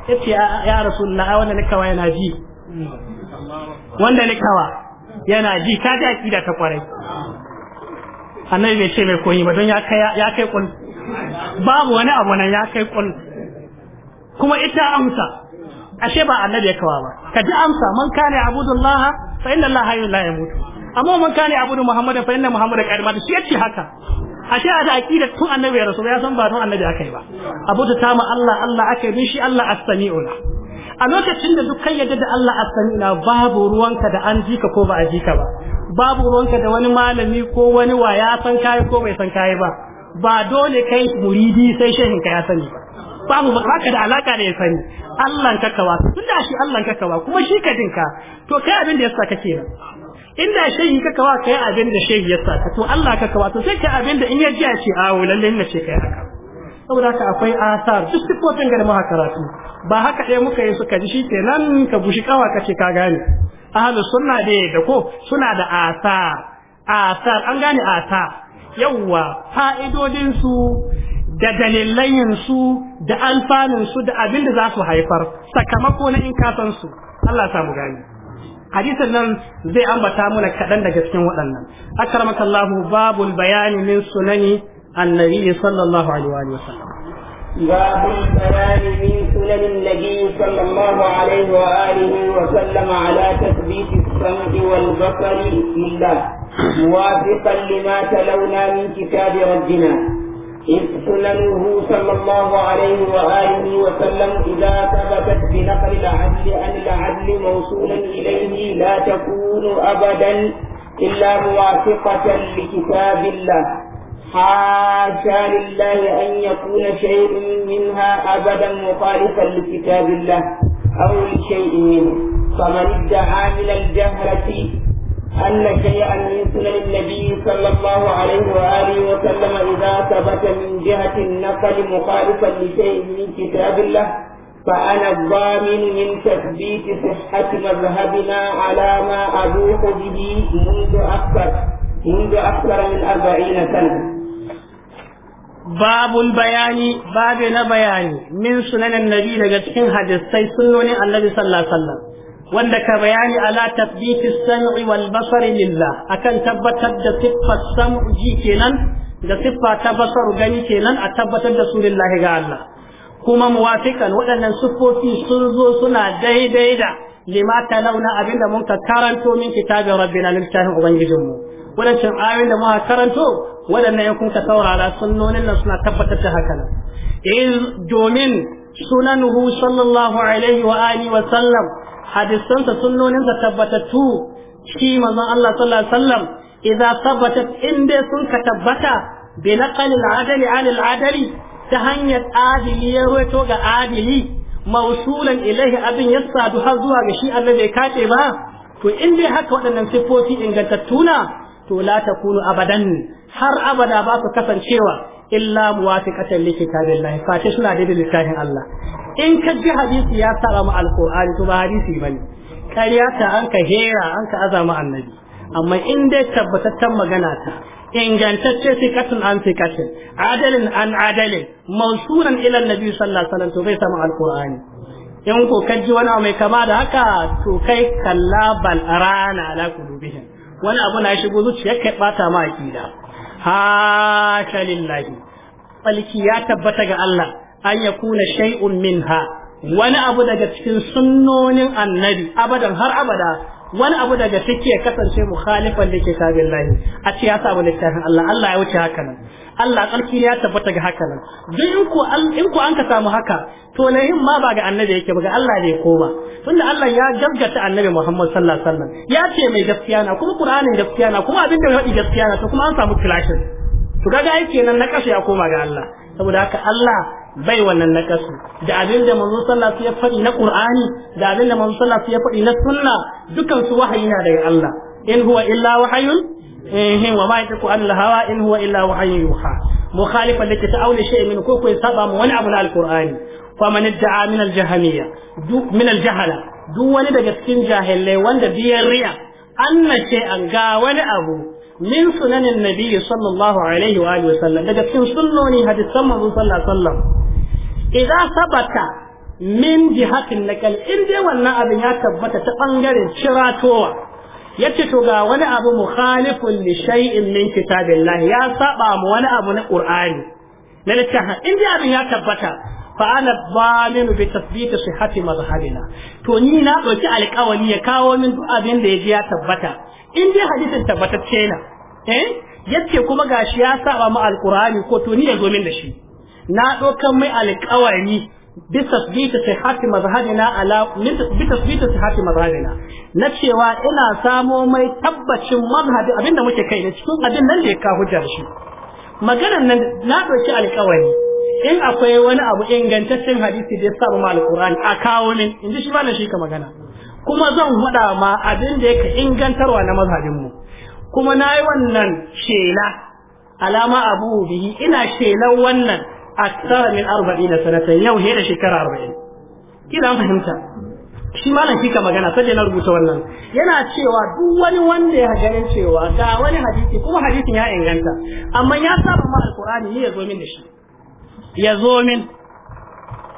yace ya Rasulullah wanda nika kawai yana ji wanda ne kawa yana ji ka ji akida ta kware annabi bai ce mai koyi ba don ya kai kul babu wani abu nan ya kai kul kuma ita amsa ashe ba annabi ya kawa ba ka ji amsa man kana abudullah fa inna allaha hayyun la yamut amma man kana abudu muhammad fa inna muhammad qad mata shi yace haka ashe a da aqida tun annabi ya rasul ya san ba tun annabi kai ba abudu ta ma allah allah akai bin shi allah as-sami'una a lokacin da duk yadda da Allah as-sami'una babu ruwanka da an jika ko ba a jika ba babu ruwanka da wani malami ko wani wa ya san kai ko bai san kai ba ba dole kai muridi sai shehin ka ya sani ba babu baka da alaka da ya sani Allahn ka kawa da shi Allah ka kawa kuma shi ka dinka to kai abin da yasa kake nan inda shehin ka kawa kai abin da shehin yasa ka to Allah ka kawa to sai kai abin da in ya ji a ce a lalle ina ce kai haka saboda haka akwai asar duk sifofin ga da muka karatu ba haka dai muka yi suka ji shi kenan ka bushi kawa kace ka gane ahlu sunna da da ko suna da asar asar an gane asar yawwa wa fa'idodinsu da dalilayen da alfanun su da abin da za su haifar sakamako na in kasan Allah samu gani hadisin nan zai ambata mana kaɗan daga cikin waɗannan akramakallahu babul bayani min sunani annabi sallallahu alaihi wa sallam باب الكلام من سنن النبي صلى الله عليه وآله وسلم على تثبيت السمع والبصر لله موافقا لما تلونا من كتاب ربنا إذ سننه صلى الله عليه وآله وسلم إذا ثبتت بنقل العدل عن العدل موصولا إليه لا تكون أبدا إلا موافقة لكتاب الله حاشا لله أن يكون شيء منها أبدا مخالفا لكتاب الله أو لشيء منه فمن ادعى من الجهرة أن شيئا من سنن النبي صلى الله عليه وآله وسلم إذا ثبت من جهة النقل مخالفا لشيء من كتاب الله فأنا الضامن من تثبيت صحة مذهبنا على ما أبوح به منذ أكثر منذ أكثر من أربعين سنة Babu bayani babe na bayani min na nabi daga cikin hadisai sunnonin annabi sallallahu alaihi wasallam wanda ka bayani ala tathbiti sam'i wal basari lillah akan tabbatar da siffar sam'u ji kenan da siffa ta basaru gani kenan a tabbatar da su lillahi ga Allah kuma muwafiqan waɗannan siffofi sun zo suna daidai da lima launa abinda mun ka karanto min kitabin rabbina littafin ubangijinmu wadancan ayoyin da muka karanto wadannan in kun ka saurara sunnonin nan suna tabbatar da haka nan in domin sunanuhu sallallahu alaihi wa alihi wa sallam hadisansa sunnoninsa tabbatattu shi manzon Allah sallallahu alaihi wa sallam idza tabbatat in dai sun ka tabbata bi naqalil adali anil adali ta hanyar adili ya ruwaito ga adili mausulan ilaihi abin ya sadu har zuwa ga shi Allah bai kace ba to in dai haka waɗannan siffofi ingantattu na to la takunu abadan har abada ba su kasancewa illa muwafiqatan li kitabillahi fa ta suna daidai littafin Allah in ka ji hadisi ya saba mu alqur'ani to ba hadisi bane kariya ta an ka hera an ka azama annabi amma in dai tabbatattan magana ta ingantacce sikatun an sikatun adalin an adalin mausunan ila annabi sallallahu alaihi wasallam to bai samu alqur'ani in ko kaji wani mai kama da haka to kai kalla bal arana ala qulubihim wani abu na shigo zuciyar kai bata ma aqida ha lillahi balki ya tabbata ga Allah an yakuna shay'un minha wani abu daga cikin sunnonin annabi abadan har abada wani abu daga ciki ya kasance mukhalifan da ke kabin lahi a ce ya samu littafin Allah Allah ya wuce haka nan Allah tsarki ne ya tabbata ga haka nan duk in ku in ku an ka samu haka to lahin ma ba ga annabi yake ba ga Allah ne ko ba tunda Allah ya gaggata annabi Muhammad sallallahu alaihi wasallam ya ce mai gaskiya na kuma Qur'anin gaskiya na kuma abin da ya faɗi gaskiya na to kuma an samu clashes to kaga ai kenan na kashe ya koma ga Allah saboda haka Allah bai wannan nakasu da abin da manzo sallallahu alaihi wasallam ya faɗi na Qur'ani da abin da manzo sallallahu alaihi wasallam ya faɗi na sunna dukan su wahayi na daga Allah in huwa illa wahayun eh wa ma yataku an hawa in huwa illa wahyun yuha mukhalifa ta ta'awli shay min ko ko saba mu wani abu na alqur'ani fa man da'a min aljahmiya duk min aljahala duk wani daga cikin jahilai wanda biyan riya anna an ga wani abu من سنن النبي sallallahu alaihi عليه وآله وسلم daga cikin sunnoni hadisan manzon sallallahu alaihi wasallam idza sabata min jihatin nakal in dai wannan abin ya tabbata ta bangaren ciratowa yace to ga wani abu mukhalifun li shay'in min kitabillah ya saba mu wani abu na qur'ani na littafin in dai abin ya tabbata fa ana zaminu bi tathbit sihhati mazhabina to ni na dauki alƙawari ya kawo min duk abin da yaji ya tabbata in dai hadisin tabbatacce na eh yace kuma gashi ya saba mu alqur'ani ko to ni ya zo min da shi na ɗaukan mai alƙawari بتثبيت صحة مذهبنا على بتثبيت صحة مذهبنا na cewa ina samo mai tabbacin mazhabi abinda muke kai ne cikin abin nan da ya kawo hujjar shi maganar nan na ɗauki alƙawari in akwai wani abu ingantaccen hadisi da ya saba ma alƙur'ani a kawo min in ji shi ba shi ka magana kuma zan faɗa ma abin da yake ingantarwa na mazhabin mu kuma nayi wannan shela alama abu bihi ina shelan wannan a min arba'in sanatan yau he da shekara arba'in kina fahimta shi malam kika magana sai na rubuta wannan yana cewa duk wani wanda ya ganin cewa ga wani hadisi kuma hadisin ya inganta amma ya saba ma alqur'ani ne ya zo min da shi ya zo min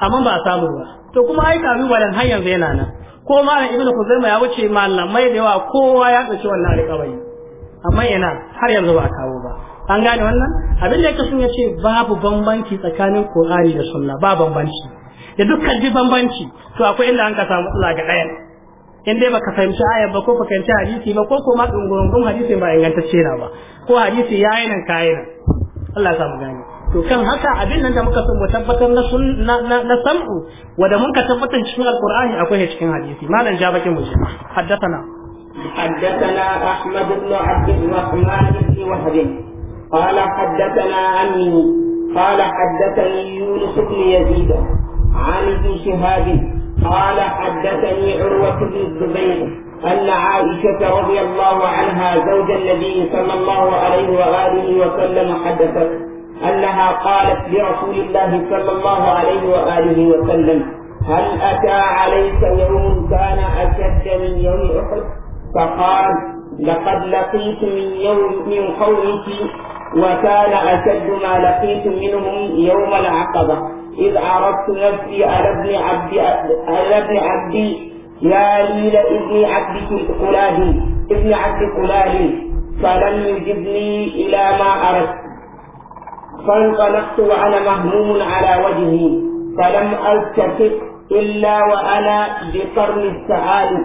amma ba samu ba to kuma ai ka dan har yanzu yana nan ko malam ibnu kuzaima ya wuce mai da yawa kowa ya tsaci wannan alƙawari amma yana har yanzu ba kawo ba an gane wannan abin da yake sun ya ce babu bambanci tsakanin qur'ani da sunna ba bambanci da dukkan ji bambanci to akwai inda an ka samu matsala ga ɗayan in dai baka fahimci ayar ba ko baka fahimci hadisi ba ko kuma gungun hadisi ba ingantacce na ba ko hadisi yayi nan kayi nan Allah ya samu gani to kan haka abin nan da muka so mu tabbatar na sun na na sam'u da mun ka tabbatar cikin alqur'ani akwai cikin hadisi malam jabakin mu haddathana حدثنا أحمد بن عبد الرحمن بن وهب قال حدثنا عني قال حدثني يونس بن يزيد عن ابن شهاب قال حدثني عروة بن الزبير أن عائشة رضي الله عنها زوج النبي صلى الله عليه وآله وسلم حدثت أنها قالت لرسول الله صلى الله عليه وآله وسلم هل أتى عليك يوم كان أشد من يوم أحد؟ فقال لقد لقيت من يوم من قومك وكان أشد ما لقيت منهم يوم العقبة إذ عرضت نفسي على ابن عبدي على ابن عبدي يا لي لابن عبد فلان ابن عبد فلان فلم يجبني إلى ما أردت فانطلقت وأنا مهموم على وجهي فلم ألتفت إلا وأنا بقرن السعادة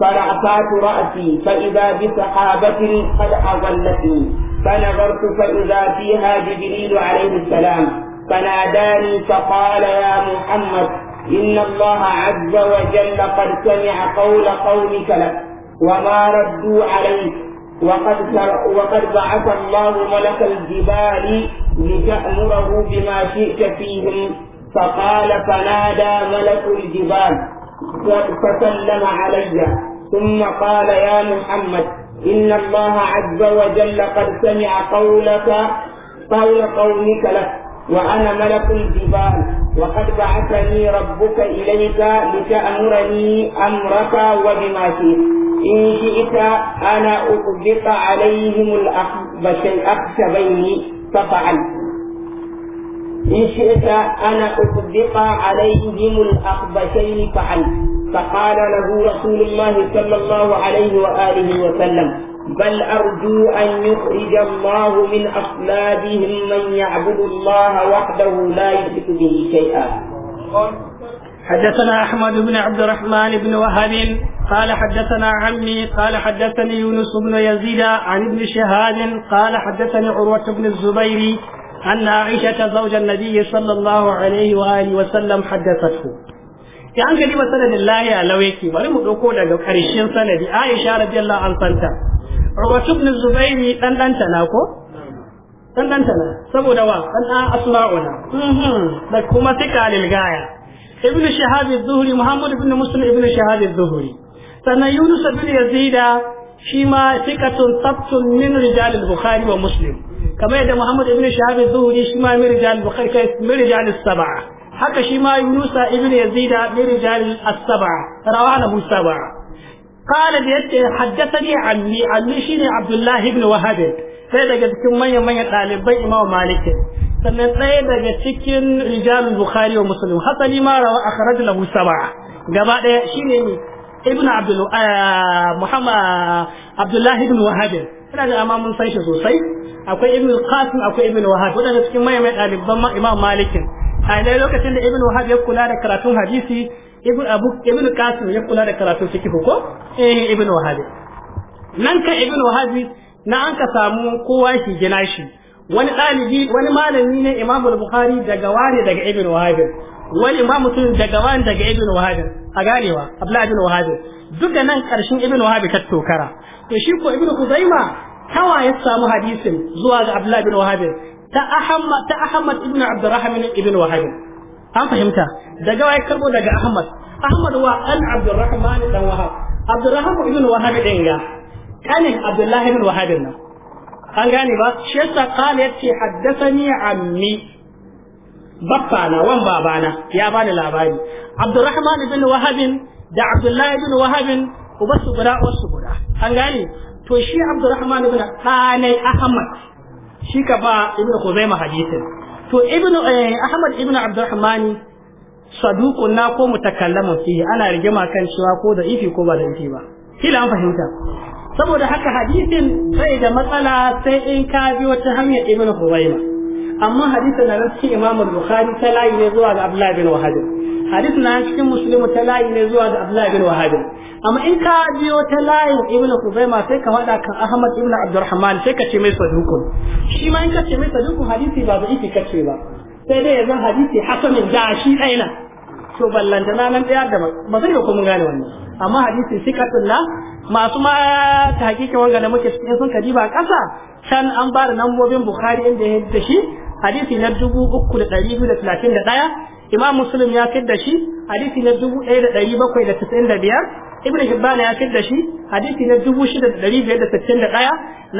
فرعفعت رأسي فإذا بسحابة قد أظلتني فنظرت فإذا فيها جبريل عليه السلام فناداني فقال يا محمد إن الله عز وجل قد سمع قول قومك لك وما ردوا عليك وقد وقد بعث الله ملك الجبال لتأمره بما شئت فيهم فقال فنادى ملك الجبال فسلم علي ثم قال يا محمد إن الله عز وجل قد سمع قولك قول قومك لك وأنا ملك الجبال وقد بعثني ربك إليك لتأمرني أمرك وبما فيه إن شئت أنا أطبق عليهم الأخشبين ففعل إن شئت أنا أطبق عليهم الأخبشين فعل فقال له رسول الله صلى الله عليه وآله وسلم بل أرجو أن يخرج الله من أصلابهم من يعبد الله وحده لا يشرك به شيئا حدثنا أحمد بن عبد الرحمن بن وهب قال حدثنا عمي قال حدثني يونس بن يزيد عن ابن شهاد قال حدثني عروة بن الزبير أن عائشة زوج النبي صلى الله عليه وآله وسلم حدثته ya an gani masanar da lahiya lau yake bari mu ɗauko daga ƙarshen sanadi aisha radiyallahu an santa Rawatu ibn Zubairi dan dan tana ko? Dan dan tana saboda wa dan dan asma'una. Mhm da kuma tika lil gaya. Ibn Shihab az-Zuhri Muhammad ibn Muslim ibn Shihab az-Zuhri. Sannan Yunus ibn Yazida shi ma tikatun sabtun min rijal al-Bukhari wa Muslim. Kamar yadda Muhammad ibn Shihab az-Zuhri shi ma min rijal al-Bukhari kai min rijal as-sab'a. Haka shi ma Yunus ibn Yazida min rijal as-sab'a. Rawahu sab'a. qala da yace haddathani anni anni shine abdullah ibn wahab sai daga cikin manyan manyan dalibai imam malik sannan ɗaya daga cikin rijalul bukhari wa muslim hasali ma rawa akhraj lahu sab'a gaba ɗaya shine ne ibn abdul muhammad abdullah ibn wahab ina da amma mun san shi sosai akwai ibn qasim akwai ibn wahab wadanda cikin manyan manyan daliban imam malikin a lokacin da ibn wahab ya kula da karatun hadisi ibn abu ibn qasim ya kula da karatu fiqh ko eh ibn wahabi nan ka ibn wahabi na an ka samu kowa shi gina shi wani ɗalibi wani malami ne imam al-bukhari daga wani daga ibn wahabi wani imam mutum daga wani daga ibn wahabi a ganewa abla ibn wahabi duk da nan karshen ibn wahabi ta tokara to shi ko ibn kuzaima tawa ya samu hadisin zuwa ga abla ibn wahabi ta ahmad ta ahmad ibn abdurrahman ibn wahabi an fahimta daga wai karbo daga Ahmad Ahmad wa an Abdurrahman dan Wahab Abdurrahman ibn Wahab din ga kanin Abdullah ibn Wahab din an gane ba shi yasa qala yace haddathani ammi babbana wan babana ya bani labari Abdurrahman ibn Wahab da Abdullah ibn Wahab ubasu guda wasu guda an gane to shi Abdurrahman ibn Qanai Ahmad shi ka ba ibn Khuzaimah hadisin to ibnu eh, ahmad ibnu abdurrahman saduqun na ko mutakallama fi ana rigima kan cewa ko da ifi ko ba da ifi ba kila an fahimta saboda haka hadisin sai da matsala sai in ka bi wata hanyar ibnu huwaima amma hadisin na cikin imamu bukhari ta layi ne zuwa ga abdullahi bin wahab hadisin na cikin muslimu ta layi ne zuwa ga abdullahi bin wahab amma in ka biyo ta layin ibn kuzaima sai ka faɗa kan ahmad ibn abdurrahman sai ka ce mai sadukun shi ma in ka ce mai sadukun hadisi ba da ita kace ba sai dai yanzu hadisi hasanin da shi ɗaya to ballanta na nan ɗaya da ba zai ko mun gane wannan amma hadisi sikatun na masu ma ta hakika wanga da muke cikin sun kadi ba ƙasa can an bar nan nambobin bukhari inda ya da shi hadisi na dubu uku da ɗari biyu da talatin da ɗaya imam muslim ya fidda shi hadisi na 1795 ibn hibban ya fidda shi hadisi na 6561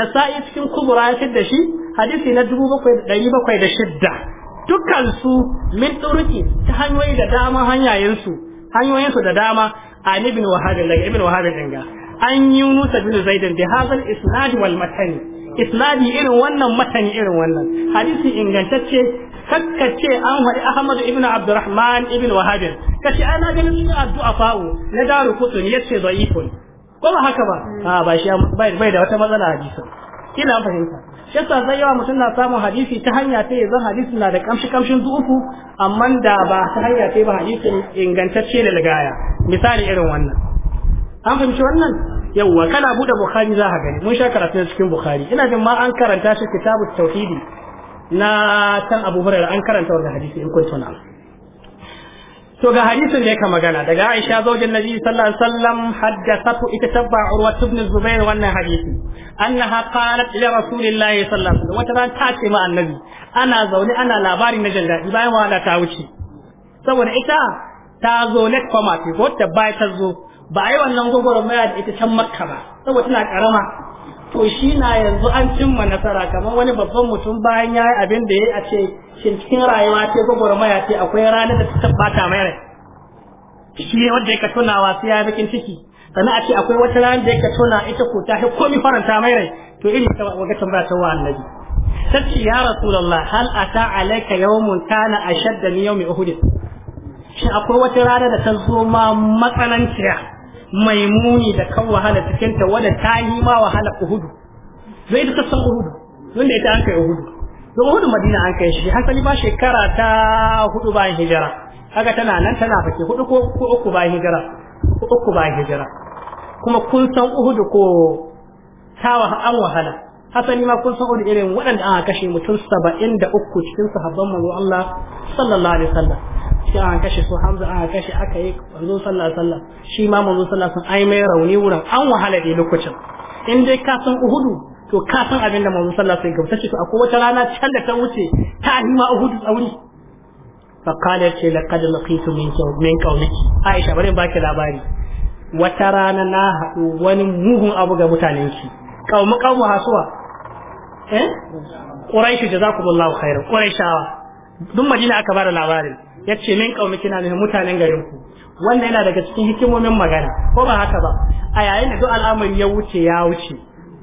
nasa'i cikin kubura ya fidda shi hadisi na 7706 dukkan su min turuki ta hanyoyi da dama hanyayensu hanyoyinsu da dama an ibn wahab daga ibn wahab dinga an yunus bin zaid bi hadha al isnad wal matani isnadi irin wannan matani irin wannan hadisi ingantacce kakka ce an wadi ahmad ibn abdurrahman ibn wahab kace ana ganin addu'a fa'u na daru kutun yace da'ifun ko ba haka ba hmm. a ba shi bai da wata matsala hadisi kina fahimta shi yasa sai yawa mutum na samun hadisi ta hanya ta yanzu hadisi na da kamshi kamshin zuku amma da ba ta hanya ta ba hadisin ingantacce da ligaya misali irin wannan an fahimci wannan yawwa kana bude bukhari za ka gani mun sha karatu cikin bukhari ina jin ma an karanta shi kitabut tauhidi na san abu hurairah an karanta wannan hadisi in kun tuna to ga hadisin da yake magana daga Aisha zaujin Nabi sallallahu alaihi wasallam haddathatu ita tabba Urwa ibn Zubair wannan hadisi annaha qalat ila Rasulillahi sallallahu alaihi wasallam wata ran ta ce ma annabi ana zaune ana labari na jan daɗi bayan wala ta wuce saboda ita ta zo net kwamati, ko ta bai ta zo ba a yi wannan gwagwarmaya da ita can makka ba saboda tana karama to shi na yanzu an cimma nasara kamar wani babban mutum bayan ya yi abin da ya a ce shin cikin rayuwa ce gwagwarmaya ce akwai ranar da ta tabbata mai rai shi wanda ya ka tunawa sai ya bakin ciki sannan a ce akwai wata ranar da ya ka tuna ita ko ta fi komi faranta mai rai to iri ta waga tambaya ta wa annabi Sarki ya rasulullah hal ata alayka yawmun kana ashadda min yawmi uhud shin akwai wata rana da ta zo ma matsananciya mai muni da kan wahala cikin ta wadda ta yi ma wahala uhudu zai ita san uhudu wanda ita an kai uhudu to uhudu madina an kai shi hasali ba shekara ta hudu bayan hijira kaga tana nan tana fake hudu ko uku bayan hijira uku bayan hijira kuma kun san uhudu ko ta an wahala hasali ma kun san uhudu irin waɗanda aka kashe mutum saba'in da uku cikin sahabban manzo Allah sallallahu alaihi wasallam sai an kashe su hamza aka kashe aka yi manzo sallah sallah shi ma manzo sallah alaihi ai mai rauni wurin an wahala da lokacin in dai ka san uhudu to ka san abin da manzo sallallahu alaihi wasallam ce to akwai wata rana can da ta wuce ta hima uhudu tsauri fa qala ce laqad laqitu min min qaumiki aisha bari ke labari wata rana na haɗu wani mugun abu ga mutanenki kaumu kaumu hasuwa eh quraish jazakumullahu khairan quraishawa duk madina aka bada labarin ya ce min kaumi kina ne mutanen garin ku wannan yana daga cikin hikimomin magana ko ba haka ba a yayin da duk al'amari ya wuce ya wuce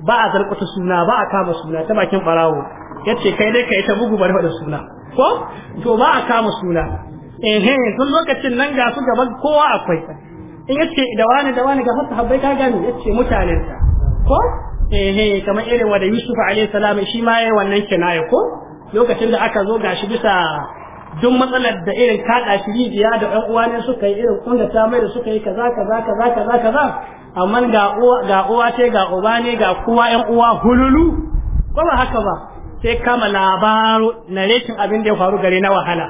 ba a zarkuta suna ba a kama suna ta bakin barawo ya ce kai dai kai ta bugu bari da suna ko to ba a kama suna ehe tun lokacin nan ga su gaban kowa akwai in ya ce da wani da wani ga fasa habbai ka gani ya ce mutanensa ko ehe kamar irin wa da yusuf alayhi salam shi ma yayi wannan kinaya ko lokacin da aka zo gashi bisa duk matsalar da irin kaɗa shi da ɗan uwa ne suka yi irin kunda ta mai da suka yi kaza kaza kaza kaza kaza amma ga uwa ga uwa ce ga uba ne ga kowa ɗan uwa hululu ko ba haka ba sai kama labaru narrating abin da ya faru gare na wahala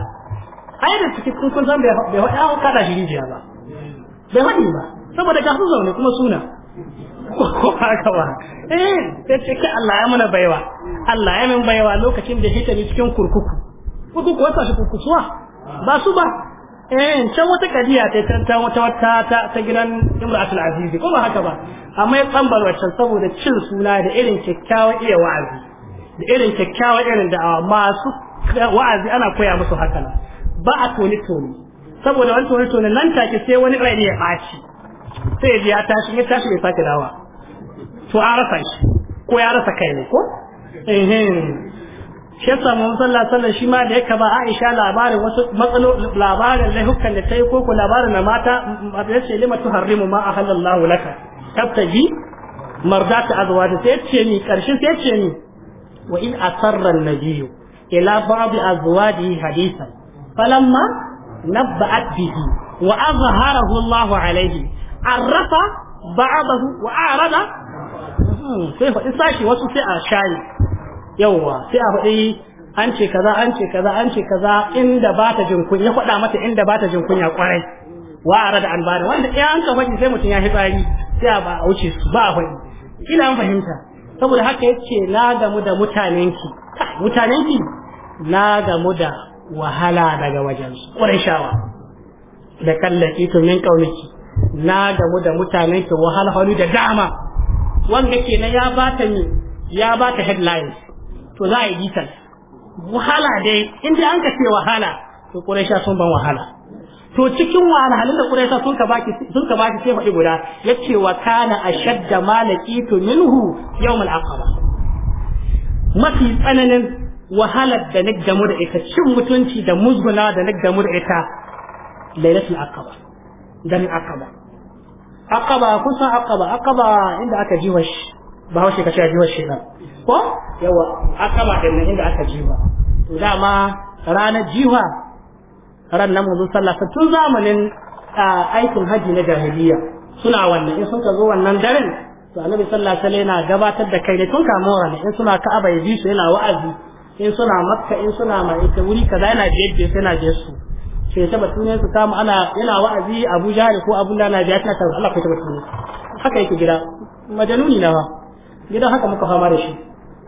ai da suke kun san bai bai kaɗa shi rijiya ba bai haɗi ba saboda ga su zaune kuma suna ko haka ba eh sai ce ki Allah ya muna baiwa Allah ya min baiwa lokacin da hita ni cikin kurkuku kurkuku wata shi kurkusuwa ba su ba eh can wata kadiya ta ta wata wata ta ta gidan Imratul azizi ko ba haka ba amma ya tsambar wancan saboda cin suna da irin kyakkyawan iya wa'azi da irin kyakkyawan irin da'awa masu wa'azi ana koya musu haka ba a toni toni saboda wani toni toni nan take sai wani rai ya ɓaci sai ya tashi ya tashi bai sake dawa to an rasa shi ko ya rasa kai ne ko shi shi ma da yaka ba Aisha labarin wasu matsalo labarin da ta yi koko labarin na mata ya ce lima tuharrimu ma ahallallahu laka tabtaji mardata azwaji sai ce ni sai ce ni wa in ila falamma bihi wa wa a'rada Hmm, sai faɗi sashi wasu sai a shayi yawwa sai a faɗi an ce kaza an ce kaza an ce kaza inda ba ta jin kunya faɗa mata inda ba ta jin kunya kwarai wa arada an bada wanda ya an ka fadi sai mutum ya fi tsari sai a ba a wuce su ba a faɗi ina an fahimta saboda haka yace na gamu da mutanenki mutanenki na gamu da wahala daga wajen kwarai shawa da kallaki to min kauniki na gamu da mutanenki halu da dama wanda kenan ya ba ta ni ya ba ta headlines to za a yi bitan wahala dai inda an ka ce wahala to quraisha sun ban wahala to cikin wahalhalun da quraisha sun ka baki sun ka baki sai faɗi guda ya ce wa kana ashadda to minhu yau mal aqaba mafi tsananin wahalar da na gamu da ita cin mutunci da musguna da na gamu da ita lailatul aqaba dan aqaba aqaba kusan aqaba aqaba inda aka jiwa shi ba haushe ka ce jiwa shi nan ko yawa aqaba da nan inda aka jiwa to dama ranar jiwa ran nan mu sallah tun zamanin aikin haji na jahiliya suna wannan in sun ka zo wannan daren to annabi sallallahu alaihi wasallam yana gabatar da kai ne tun kamora ne in suna ka'aba ya bi su yana wa'azi in suna makka in suna mai wuri kaza yana biyar da yana biyar su sai ta batune su samu ana yana wa'azi Abuja Jahl ko Abu Lala biya tana ta Allah ko ta batune haka yake gida majaluni nawa gidan haka muka fama da shi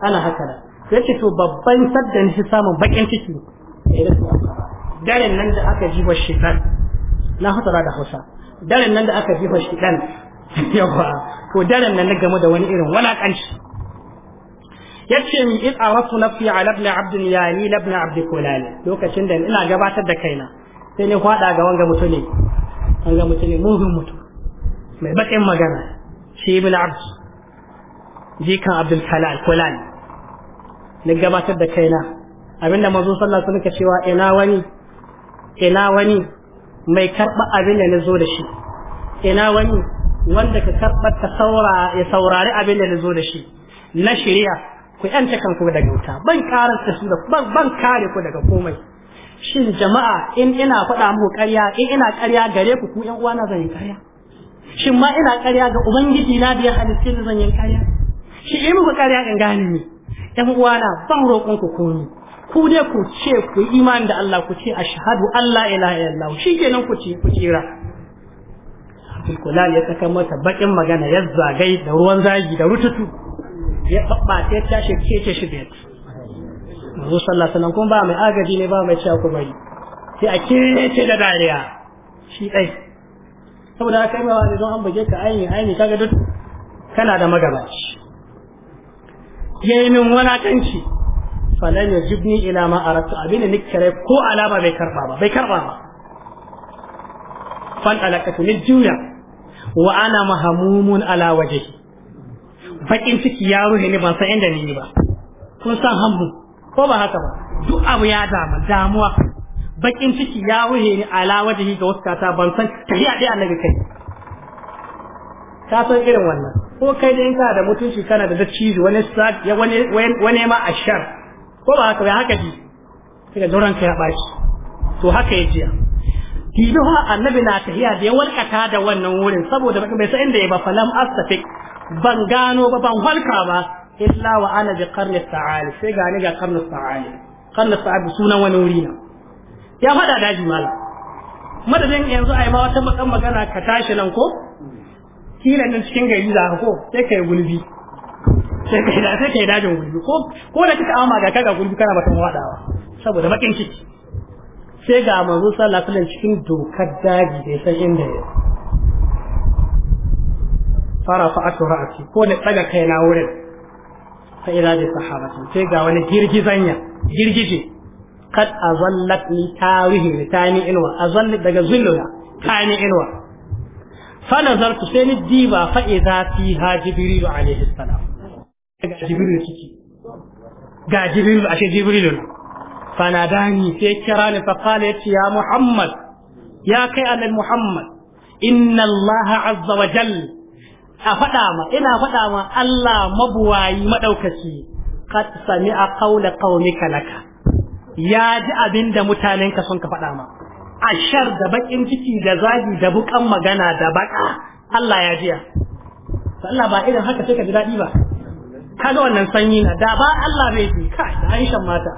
ana haka da yace to babban saddan shi samun bakin ciki daren nan da aka jiba shekar na hasara da Hausa daren nan da aka jiba shekar yawa to daren nan na game da wani irin walakanci yace in arafu nafsi ala ibn abd yani ibn abd kulal lokacin da ina gabatar da kaina sai ne kwada ga wanga ne wanga ne mugun mutum mai bakin magana shi ibn abd jikan abdul kalal kulani ne gabatar da kaina abinda mazo sallallahu sun ka cewa ina wani ina wani mai karba abin da nazo da shi ina wani wanda ka karba ta saura ya saurari abin da nazo da shi na shari'a ku yanta kanku daga wuta ban karanta su da ban kare ku daga komai shin jama'a in ina faɗa muku ƙarya in ina ƙarya gare ku ku ƴan uwana zan yi ƙarya shin ma ina ƙarya ga ubangiji na biya halittun zan yi ƙarya shi in muku ƙarya in gane ni ƴan uwana ban roƙon ku komi ku dai ku ce ku yi imani da Allah ku ce ashhadu Allah ilaha illallah kenan ku ce ku kira kulal ya saka mata bakin magana ya zagai da ruwan zagi da rututu ya babba ta tashi kece shi da bet zo sallah sallan kuma ba mai agaji ne ba mai cewa bari sai a ce da dariya shi dai saboda haka yi wani don an buge ka aini aini kaga duk kana da magabaci ya yi min wulakanci falan ya jibni ila ma aratu abin da rai ko alama bai karba ba bai karba ba fan alaqatu ni juya wa ana mahamumun ala wajhi bakin ciki ya ruhe ni ban san inda ni ba kun san hambu ko ba haka ba duk abu ya dama damuwa bakin ciki ya wuce ni ala shi ga wasu kata ban san tafiya dai annabi kai ka san irin wannan ko kai dai kana da mutunci kana da dacciji wani ya wani wani ma ashar ko ba haka ba haka ji sai ga doran kai ya bashi to haka ya jiya kibi ha annabi na tafiya da ya walkata da wannan wurin saboda bai san inda ya ba falam astafik ban gano ba ban halka ba illa wa ana bi qarni sa'ali sai ga ni ga qarni sa'ali qarni sa'ali sunan wani wuri na ya fada daji mala madadin yanzu ai ma wata makan magana ka tashi nan ko kila nan cikin gari za ka ko sai kai gulbi sai kai da sai kai dajin gulbi ko ko da kika amma ga kaga gulbi kana mata wadawa saboda makin ciki sai ga manzo sallallahu alaihi wasallam cikin dokar daji bai san inda ya fara fa'atu ra'ati ko da tsaga na wurin fa ila da sahabatu sai ga wani girgizanya girgije kad azallat ni tarihi ni tani inwa azallat daga zulluya tani inwa fa nazartu sai ni diba fa idza fi jibril alaihi salam ga jibril kiki ga jibril ashe jibril fa nadani sai kirani ni fa qala ya muhammad ya kai annabi muhammad inna allaha azza wa jalla a faɗa ma ina faɗa ma Allah mabuwayi madaukaki qad sami'a qawla qaumika laka ya ji abinda ka sun ka faɗa ma shar da bakin ciki da zagi da bukan magana da baka Allah ya jiya Allah ba irin haka sai ka ji daɗi ba kaga wannan sanyi na da ba Allah bai ji ka da Aisha mata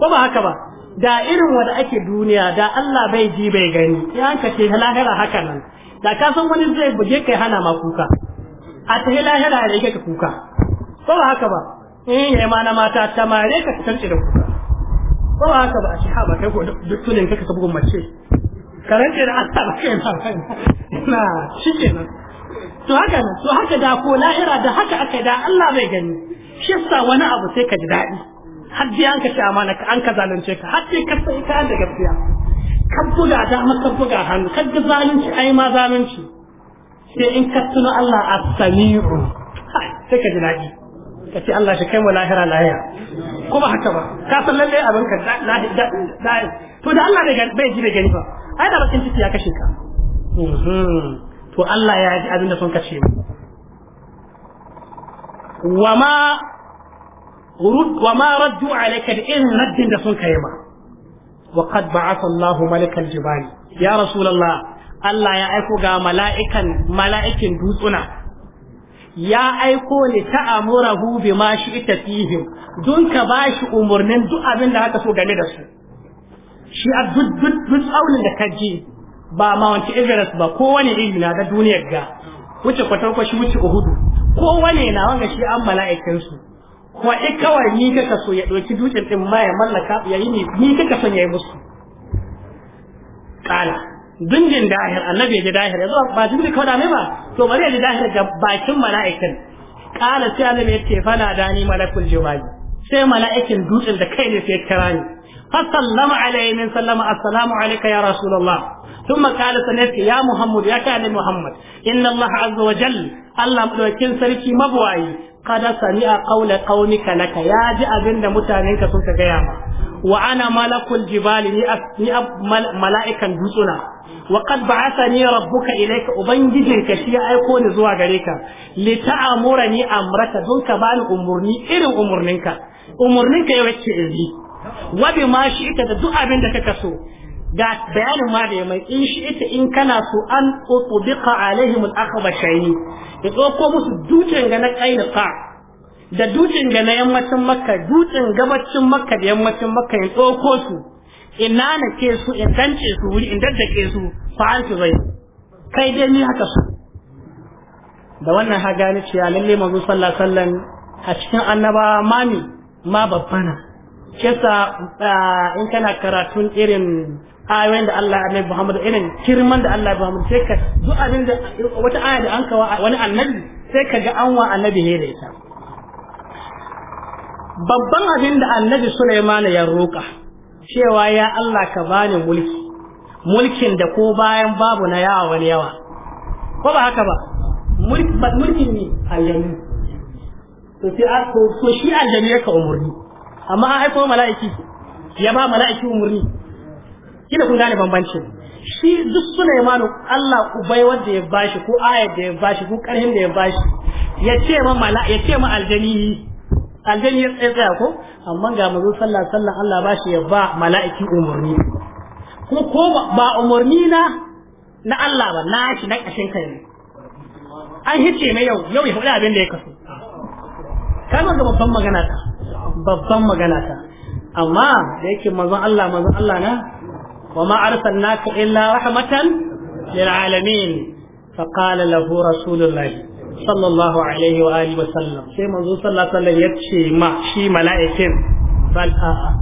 ko ba haka ba da irin wanda ake duniya da Allah bai ji bai gani ya ka ce lahira haka nan da ka san wani zai buge kai hana ma kuka a ta hila lahira yake ka kuka ko ba haka ba in eh, ya ma na mata ta mare ka tarce da kuka ko ba haka ba a shahaba kai ko duk tunin ka bugun mace karanta da Allah ba kai ba na shikenan to haka ne to haka da ko lahira da haka aka da Allah bai gani shi sa wani abu sai ka ji daɗi har dai an ka ci amana ka an ka zalunce ka har sai ka sai ka daga gaskiya kan buga dama kan buga hannu kan ga zalunci ai ma zalunci sai in ka tuno Allah as-sami'u sai ka ji daɗi ka ce Allah shi kai mu lahira lahira ko haka ba ka san lalle abin ka da'i to da Allah bai ji da gani ba ai da bakin ciki ya kashe ka mhm. to Allah ya ji abin da sun kashe mu wama wama raddu alayka da irin raddin da sun kai ba. wa qad ba'atha Allah malikal jibali ya rasulallah Allah ya aiko ga mala'ikan mala'ikin dutsuna ya aiko ni ta'amurahu bima shi'ta fihim dun ka bashi umarnin duk abin da haka so game da su shi a duk tsaunin da ka je ba Mount Everest ba kowane iri na da duniyar ga wuce kwatar kwashi wuce Uhudu kowane na wanga shi an mala'ikin su kwaɗi kawai ni kaka so ya ɗauki dutsen ɗin ma ya mallaka ya yi ni kaka son ya yi musu ƙala dundin dahir annabi ya ji dahir ya zo ba dundin kawai da ba to bari ya ji dahir ga bakin mala'ikin ƙala sai annabi ya ce fana da ni malakul jiwaji sai mala'ikin dutsen da kai ne sai ya kira ni فسلم عليه من سلم السلام عليك يا رسول الله ثم قال سنتي يا محمد يا كان محمد ان الله عز وجل الله مدوكين سركي مبواي kada sami'a qawla qaumika laka ya ji abin da mutanenka sun ka gaya ma wa ana malakul jibali ni mala'ikan dutsuna wa qad ba'athani rabbuka ilaika ubangijinka shi ya aiko ni zuwa gare ka li ni amraka don ka bani umurni irin umurninka umurninka yau yake izi wa bi ma shi ita da duk abin da kaka so ga bayanin ma da mai in shi ita in kana so an utubika alaihim al-akhbashayni ya dauko musu dutsen ga na qainqa da dutsen ga na yammacin makka dutsen gabacin makka da yammacin makka ya tsoko su ina na ke su in dance su wuri in daddake su fa an su zai kai dai ni haka su da wannan ha ce ya lalle manzo sallallahu alaihi wasallam a cikin annaba mami ma babbana kesa ah, in kana karatun irin ayoyin da Allah ya annabi Muhammad irin kirman da Allah ya Muhammad sai ka duk abin da wata aya da an kawa wani annabi sai ka ga an wa annabi ne da ita babban abin da annabi Sulaiman ya roƙa cewa ya Allah ka bani mulki mulkin da ko bayan babu na yawa wani yawa ko ba haka ba mulkin ne aljanu to sai so shi aljanu ya ka umurni amma ai ko mala'iki ya ba mala'iki umurni kina kun gane bambanci, shi duk suna imanu Allah ubai wanda ya bashi ko ayat da ya bashi ko karhin da ya bashi ya ce ma mala ya ce ma aljani aljani ya tsaya ko amma ga mazo sallah sallah Allah bashi ya ba mala'iki umurni ko ko ba umurni na na Allah ba na shi na kashin kai ne an hice mai yau yau ya faɗi abin da ya kasu kana da babban magana ta babban magana ta amma da yake manzon Allah manzon Allah na وما أرسلناك إلا رحمة للعالمين فقال له رسول الله صلى الله عليه وآله وسلم شيء منظور صلى الله عليه وسلم يكشي ما شي ملائكة بل آه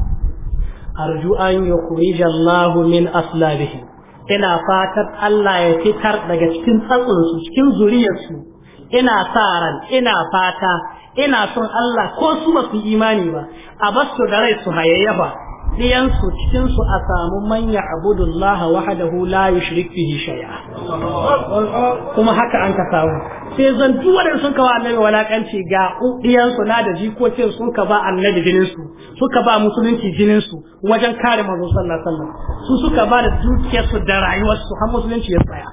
أرجو أن يخرج الله من أصلابهم ina fatan Allah ya fitar daga cikin tsatsinsu cikin zuriyarsu ina sa ran ina fata ina son Allah ko su ba su imani ba a basu da rai su hayayyafa ɗiyansu cikinsu a samu manya abudullah wahdahu la yushrik bihi shay'a kuma haka an ka samu sai zan duk wadanda sun ka ba annabi walakanci ga ɗiyansu na da jikokin sun ka ba annabi jinin su suka ba musulunci jinin su wajen kare manzo sallallahu alaihi wasallam su suka ba da dukiyar su da rayuwar su har musulunci ya tsaya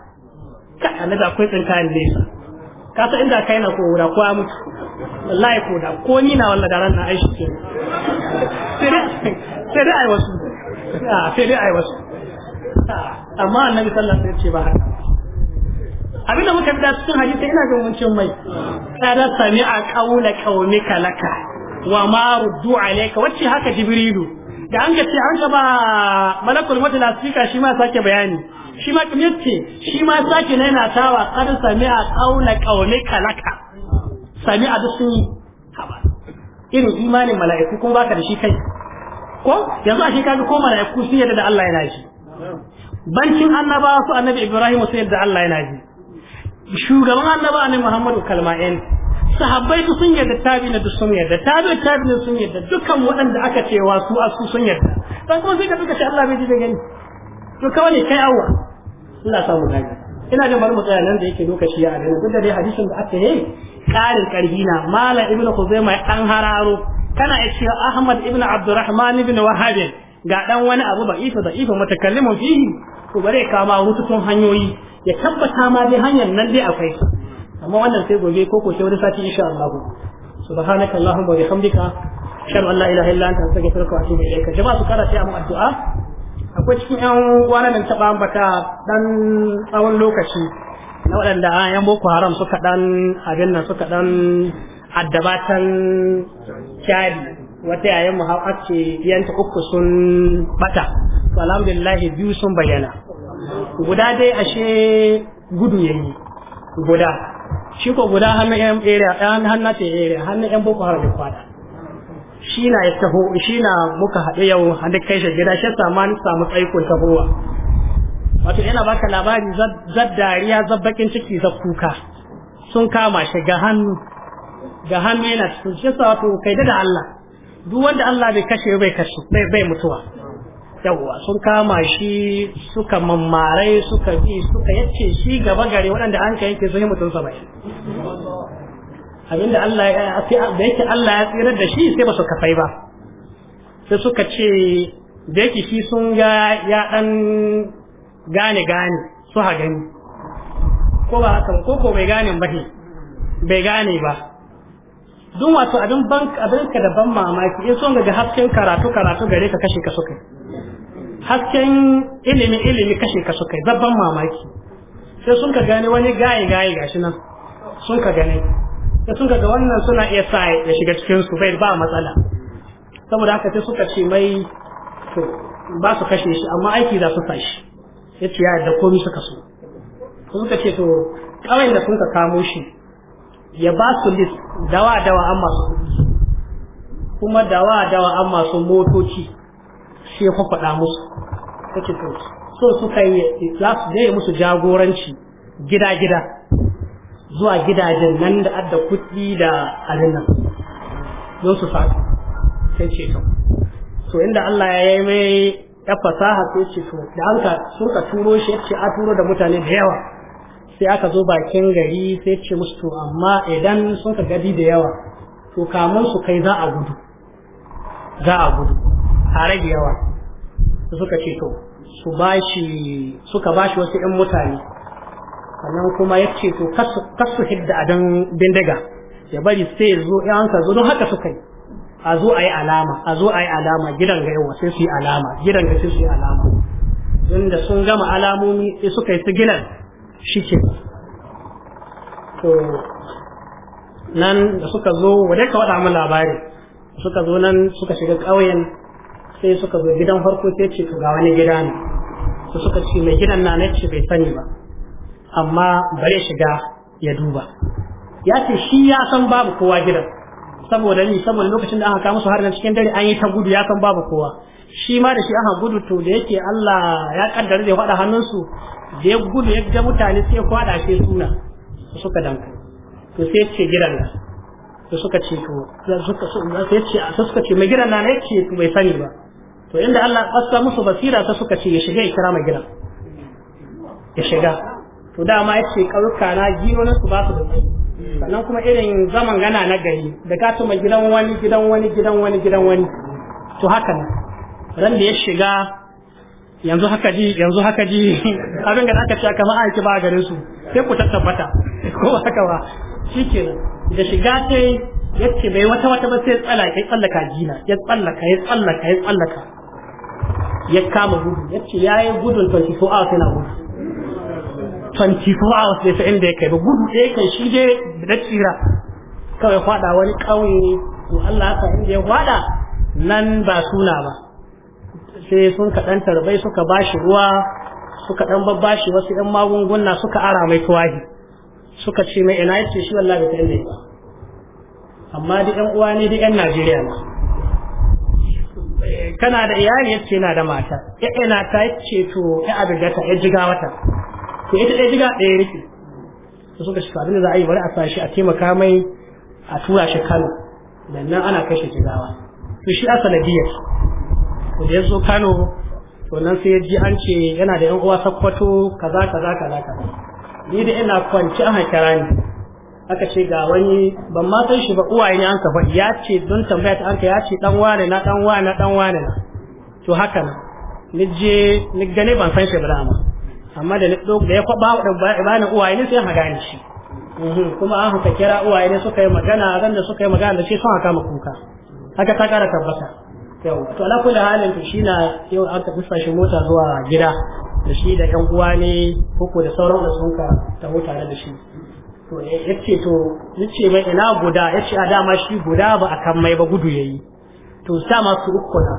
ka annabi akwai tsinkayen nesa ka san inda kai na ko wura ko mutu wallahi ko da ko ni na wallahi da ran na aishi ke sai dai ai wasu sai dai ai wasu amma annabi sallallahu alaihi wasallam ce ba haka abinda muka da cikin hadisi ina ga mun cin mai kada sami'a qaula qaumika laka wa ma ruddu alayka wacce haka jibrilu da an ga an ga ba malakul mutu lasika shi ma sake bayani shi ma kuma ce shi ma sake naina tawa kada sami'a qaula qaumika laka sami'a da sun haba irin imanin mala'iku kuma baka da shi kai ko yanzu ashe kaga ko malaiku sun yadda da Allah ya ji bancin annabawa su annabi Ibrahim sun yadda Allah yana ji shugaban annaba annabi Muhammadu kalma'in sahabbai su sun yarda na duk sun yarda tabi'u na sun yarda dukkan waɗanda aka cewa su asu sun yarda dan kuma sai ka duka shi Allah bai ji da gani to kawai kai awwa Allah samu gani ina jin bari mu tsaya nan da yake lokaci ya adana duk da dai hadisin da aka yi karin karhi na malam ibnu khuzaimah an hararo kana ya ce ahmad ibnu abdurrahman ibnu wahhab ga dan wani abu ba ifa da ifa mutakallimun fihi to bare kama rututun hanyoyi ya tabbata ma dai hanyar nan dai akwai amma wannan sai gobe ko ko sai wani sati insha Allah subhanaka allahumma wa bihamdika ashhadu an la ilaha illa anta astaghfiruka wa atubu ilaik jama'a su kara sai mu addu'a akwai cikin yan wani da taɓa ambata ɗan tsawon lokaci na waɗanda yan boko haram suka ɗan abin nan suka ɗan addabatan cari wata yayin mu har ake ta uku sun bata to alhamdulillah biyu sun bayyana guda dai ashe gudu yayi guda shi ko guda hannun yan area hannun yan boko haram da kwada shi na ya taho shi na muka haɗu yau hannun kai shi gida shi sama ni samu tsaikon tahowa wato yana baka labari zab dariya zab bakin ciki zab kuka sun kama shi ga hannu ga hannu yana cikin shi sa wato kai da Allah duk wanda Allah bai kashe bai kashe bai bai mutuwa yawwa sun kama shi suka mammarai suka bi suka yace shi gaba gare waɗanda an ka yanke sun yi mutum saba'in abinda Allah ya da yake Allah ya tsirar da shi sai ba su kafai ba sai suka ce da yake shi sun ga ya dan gane gane su ha gani ko ba haka ko ko bai gane ba ne bai gane ba don wato abin banka abin ka da ban mamaki in son ga hasken karatu karatu gare ka kashe ka suka hasken ilimi ilimi kashe ka suka ban mamaki sai sun ka gane wani gaye gaye gashi nan sun ka gane da sun ga wannan suna iya sa ya shiga cikin su bai ba matsala saboda haka sai suka ce mai to ba su kashe shi amma aiki za su fashi ya ce ya yarda komi suka so suka ce to kawai da sun ka kamo shi ya ba su list dawa dawa an masu kuɗi kuma dawa dawa an masu motoci sai ya faɗa musu ya ce to so suka yi za su je musu jagoranci gida-gida zuwa gidajen nan da adda kuɗi da abin nan don su sa sai ce to so inda Allah ya yi mai ya fasaha sai ce to da an ka surka turo shi ce a turo da mutane da yawa sai aka zo bakin gari sai ce musu to amma idan sun ka gadi da yawa to kamun su kai za a gudu za a gudu a rage yawa suka ce to su bashi suka bashi wasu 'yan mutane sannan kuma ya ce to kasu hidda a dan bindiga ya bari sai ya yawon ka zo don haka su yi a zo a yi alama a zo a yi alama gidan ga yawa sai su yi alama gidan ga sai su yi alama don da sun gama alamomi sai su kai su gidan shi ke to nan da suka zo wadai ka waɗa mu labari suka zo nan suka shiga ƙauyen sai suka zo gidan farko sai ce ga wani gida ne su suka ce mai gidan na ce bai sani ba amma bare shiga ya duba ya ce shi ya san babu kowa gidan saboda ni saboda lokacin da aka kawo musu harin cikin dare an yi ta gudu ya san babu kowa shi ma da shi aka gudu to da yake Allah ya kaddara da faɗa hannunsu da ya gudu ya ga mutane sai kwada shi suna suka danka to sai ce gidan nan to suka ce to suka sai ce a suka ce mai gidan nan yake bai sani ba to inda Allah ya musu basira sai suka ce ya shiga ya kira mai gidan ya shiga to dama ya ce ƙauyuka na gironin su ba su da kai sannan kuma irin zaman gana na gari da ka tuma gidan wani gidan wani gidan wani gidan wani to haka nan ran da ya shiga yanzu haka ji yanzu haka ji abin da aka ce kamar an ki ba garin su sai ku tabbata ko haka ba shikenan da shiga sai yace bai wata wata ba sai tsallaka ya tsallaka jina ya tsallaka ya tsallaka ya tsallaka ya kama gudu yace yayi gudun 24 hours yana gudu 24 hours bai sa inda ya kai ba gudu ɗaya kai shi je da tsira kawai fada wani ƙauye to Allah ka inda ya fada nan ba suna ba sai sun kaɗan ɗan tarbai suka bashi ruwa suka ɗan babbashi wasu ɗan magunguna suka ara mai tuwahi suka ce mai ina yace shi wallahi ta inda ba amma duk ɗan uwa ne duk ɗan Najeriya ne kana da iyali yace yana da mata ya ina ta yace to ya abigata ya jiga wata to ita ɗaya jiga ɗaya yake to suka shi abin da za a yi wani a a taimaka mai a tura shi Kano da nan ana kashe jigawa to shi biyar to da ya zo Kano to nan sai ya ji an ce yana da yan uwa sakkwato kaza kaza kaza kaza ni da ina kwanci an hankara ni aka ce ga wani ban ma san shi ba uwaye ne an kafa. ya ce don tambaya ta anka ya ce dan wane na dan wane na dan wane na to haka ni je ni gane ban san shi ba dama amma da da ya kwaba da bani uwaye ne sai magana shi mhm, kuma an haka kira uwaye ne suka yi magana ran da suka yi magana da shi sun haka kuka haka ta kara tabbata yau to ala kullu halin to shi na yau an ta kusa shi mota zuwa gida da shi da 'yan uwa ne koko da sauran da sun ka huta tare da shi to yace to yace mai ina guda yace a dama shi guda ba a kan mai ba gudu yayi to sa masu uku na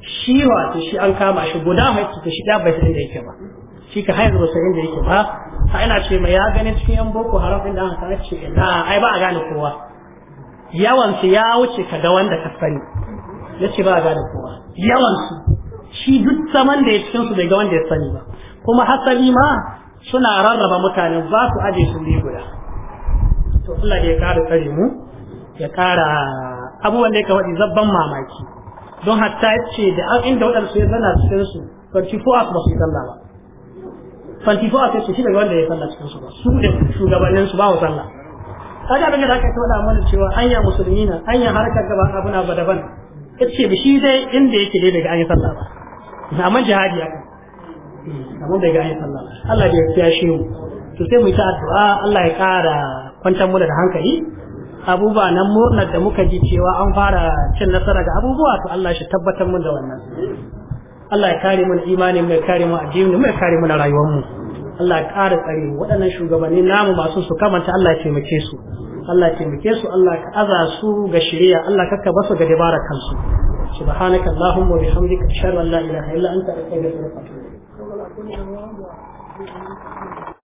shi wato shi an kama shi guda mai ta shi da bai sai da yake ba shi ka haihu ba sayin da yake ba a ina ce mai ya gani cikin yan boko haram din da aka kare ce ina ai ba a gane kowa yawan su ya wuce ka ga wanda ka sani ce ba a gane kowa yawan su shi duk zaman da ya cikin su bai ga wanda ya sani ba kuma hasali ma suna rarraba mutane ba su aje su ne guda to Allah ya kara tsare mu ya kara abubuwan da ya kawai zabban mamaki don hatta ce da an inda waɗansu ya zana cikin su 24 hours ba su yi sallah ba fantifo a kai su shi daga wanda ya sallah cikin su ba su da shugabannin su ba wa sallah kaga abin da aka ce wala mana cewa anya musulmi na anya harkar gaba abuna ba daban yace bi shi dai inda yake dai daga an yi sallah ba amma jihadi aka hmm, amma daga an yi sallah Allah ya tsaya shi mu to sai mu yi addu'a Allah ya kara kwantar mu da hankali abubuwa nan murnar da muka ji cewa an fara cin nasara ga abubuwa to Allah shi tabbatar mun da wannan Allah ya kare mana imanin mu ya kare mu addinin mu ya kare mana rayuwar mu Allah ya kare tsare waɗannan shugabanni namu masu su kamanta Allah ya taimake su Allah ya taimake su Allah ka aza su ga shari'a Allah ka basu ga dabara kansu subhanaka allahumma wa bihamdika ashhadu an la ilaha illa anta astaghfiruka wa atubu ilaik